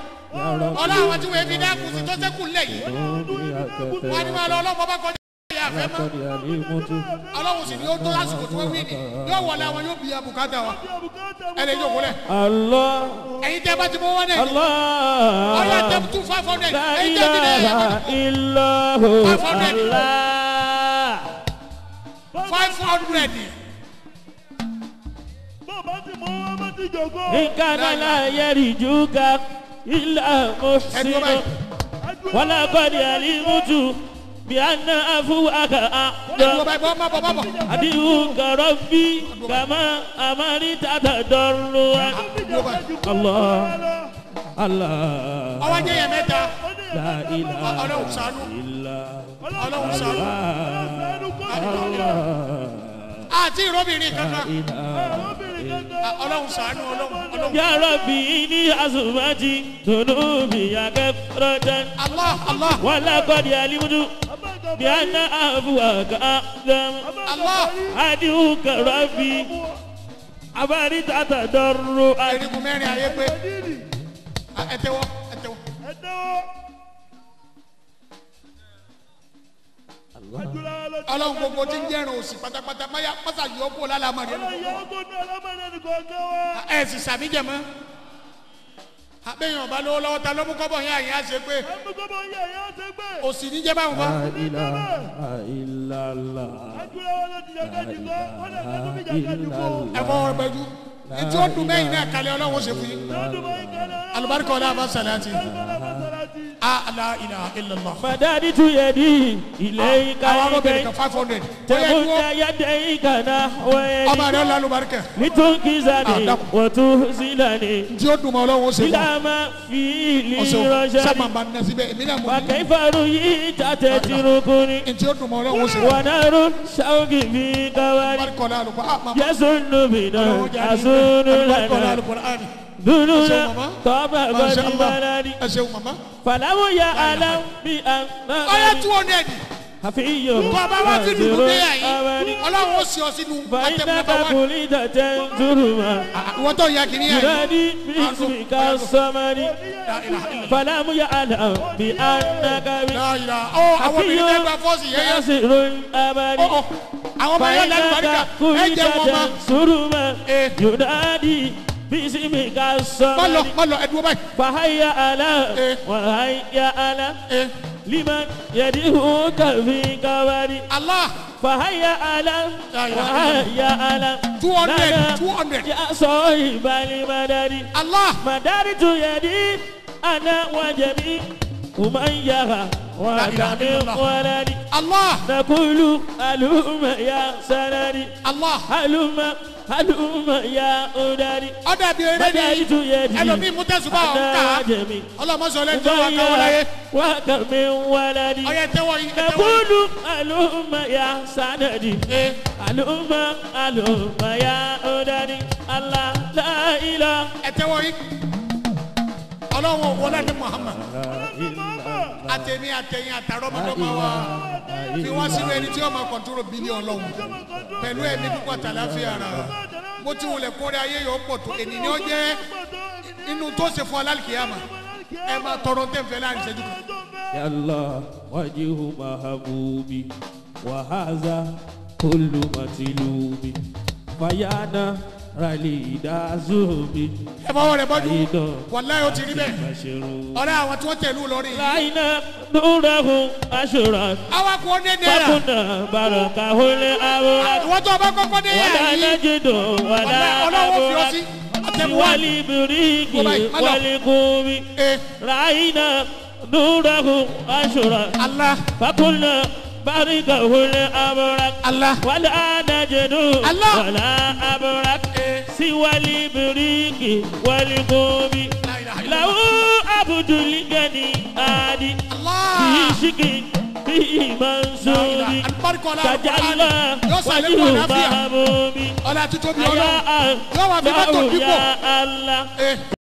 ọlọ́run àti wẹ́ẹ́bí dákùn sí tó sẹ́kù lẹ́yìn wọ́n ní máa lọ ọlọ́run bá kọjá láyé àfẹ́ mọ́ ọlọ́run sì ni ó tó lásìkò tí wọ́n wí ni yóò wọlé àwọn yóò bí abùkátà wa ẹ lè jókòó lẹ̀. ẹ̀yin tẹ́ bá ti mọ́ wọn náà ni ọlọ́ tẹ́ tún five hundred ẹ̀yin tẹ́ ti náà yàtọ̀ five hundred five hundred nkanala yẹri juga ilà mọ̀sílọ̀ wàlàkọ̀dì alimutu. بأن أفوأك أقدر أدعوك ربي كما أمرت أتضرعا الله الله ọwọ́ jẹ́ yẹn mẹ́ta ọlọ́run ṣàánú ọlọ́run ṣàánú àti ìrọ́bìnrin kankan ọlọ́run ṣàánú ọlọ́run. Ya Rabbi ní àsùnmájì tòun bí yàgẹ́ rọ́jà. Allah Allah. Wàlá kọ́ di alimudu. بأن أبواك أعظم الله أدعوك ربي أبرد أتضرع ọlọ́run gbogbo tí ń jẹ́rùn òsì pátápátá máyà pásá yọ̀ọ́ kó lálàmọ́ rẹ̀ ẹ̀ sì sàmíjẹ̀ mọ́ abẹ́yẹn ọba lọ́wọ́ lọ́wọ́ ta ló mú kọ́bọ̀ yẹn àyè àṣẹ pé. ó mú kọ́bọ̀ yẹn àyè àṣẹ pé. òsì ní jẹ́ báwọn kan. àìlà àìlàlà. àjùlọ wọn lọ ti jàgá jù lọ wọn lè fẹ́ lómi jàgá jù kó. ẹ fọwọ́ pẹ́jú ètò ọdún mẹ́yìn náà kalẹ̀ ọlọ́wọ́ ṣe fún yín. alùbáríkà ọlá àbá sàlẹ̀ àti ala ah, ilaha illallah. fadadi tu yadi ilé ika ike. àwọn ọmọ bẹ̀rẹ̀ kan five hundred. tẹ̀kúta yadé ika na wẹ́ẹ́ ni. ọba rẹ̀ lalu barikẹ́. nítorí kìsà ni wọ́tú sílẹ̀ ni. Ah, tí ó dùn mọ́ ọlọ́run ṣe fún. ìlànà fìlì rọ́ṣẹ́ ni. sábà máa ń nẹ́sí bẹ́ẹ̀ èmi náà mọ̀ ní. wàkẹ́ ìfarun yìí tàtẹ́ tìrúkú ni. tí ó dùn mọ́ ọlọ́run ṣe fún. wọnàrú sáwùkì fi káwárí. yẹ́sùn nùbìnà àsùnù دوننا طاب غني بلدي فلم يعلم بأن àfihàn kọ́ bá wá sí dùdú dé yà yìí ọlọ́run ó sì ọ sínú àtẹ̀mọ́ bá wá. fàyínà dàtẹ̀ dùrù ma. Ah, ah, ìwọ tó yà kìíní yà yìí. ìrọ̀lì bísí ká sọ́mọ́ni. fàlámù yà àlà bí anagabi. àfihàn kọ́ sí ròyìn abali. àwọn ọmọ yẹn lẹ́nu bàríkà ẹ jẹ́ wọn ma. fàyínà dàtẹ̀ dùrù ma. yóò dá di bisi mi ka sọ. kọlọ kọlọ ẹdun báyìí. fàáyà àlà wàháyà àlà liman yadihu kafi kabari. ala. fàáyà àlà wàháyà àlà. two hundred two hundred. yà sọ ìbálẹ̀ madari. ala. madari tu yadi ana wajami umayyaha wakami waladi. ala. nakulu aluma ya sanadi. ala. aluma aduma ya odari. ọ̀dà bí eré ni ẹlòmí mú tẹ̀sùbà ọ̀hún ká ọlọ́mọṣọ lẹ́nu tó wà káwọ́ láyé. wà á wàlá di. ọ̀yẹ̀ tẹ́wọ̀ yìí tẹ́wọ̀. ẹ̀kúndù alùmọ̀ ya sànàdì. alùmọ̀ alùmọ̀ ya odari. ala láìla. ẹ̀ tẹ́wọ̀ yìí ọlọ́wọ́ wọlé ní muhammad àtẹ̀mí àtẹ̀yìn àtàrọ́ ọmọdọ́mọ wa fi wá sínú ẹni tí ó máa kọ̀ntúrò bílíọ̀ ọlọ́run pẹ̀lú ẹ̀mí púpọ̀ tàlàfíà rà mo ti wulẹ̀ kórè ayé yóò pọ̀ tó ènìyàn jẹ́ inú tó ṣe fún alálìkíyàmà ẹ máa tọrọ tẹ̀fẹ̀ láàrin ìṣẹ́jú kan. yàrá wájú mahamubi wàhálà olùmọ̀tìlúbi fàyànà rally dazu mi. ẹ fọwọ́ rẹ bọ́jú wàláyé o ti rí bẹ́ẹ̀ ọ̀rẹ́ àwọn tí wọ́n tẹ̀lú lórí. láyínà dúnrẹ́hùn aṣọra. awakọ̀ ọdẹ dẹ́ra. fọkùnà baraka hólé awo. àwọn tó o bá kọ́kọ́ dé yàrá yìí. wàlá ẹlẹ́jì dùn wàlá àbúrò wàlí bìrìkì wàlí eh. kùmí. láyínà dúnrẹ́hùn aṣọra. fọkùnà. باركه الأبرك الله ولا نجد الله ولا أبرك سوى الإبريق والقوم له عبد الغني هادي في شكل في منصور تجلى وجه محبوب يا الله يا الله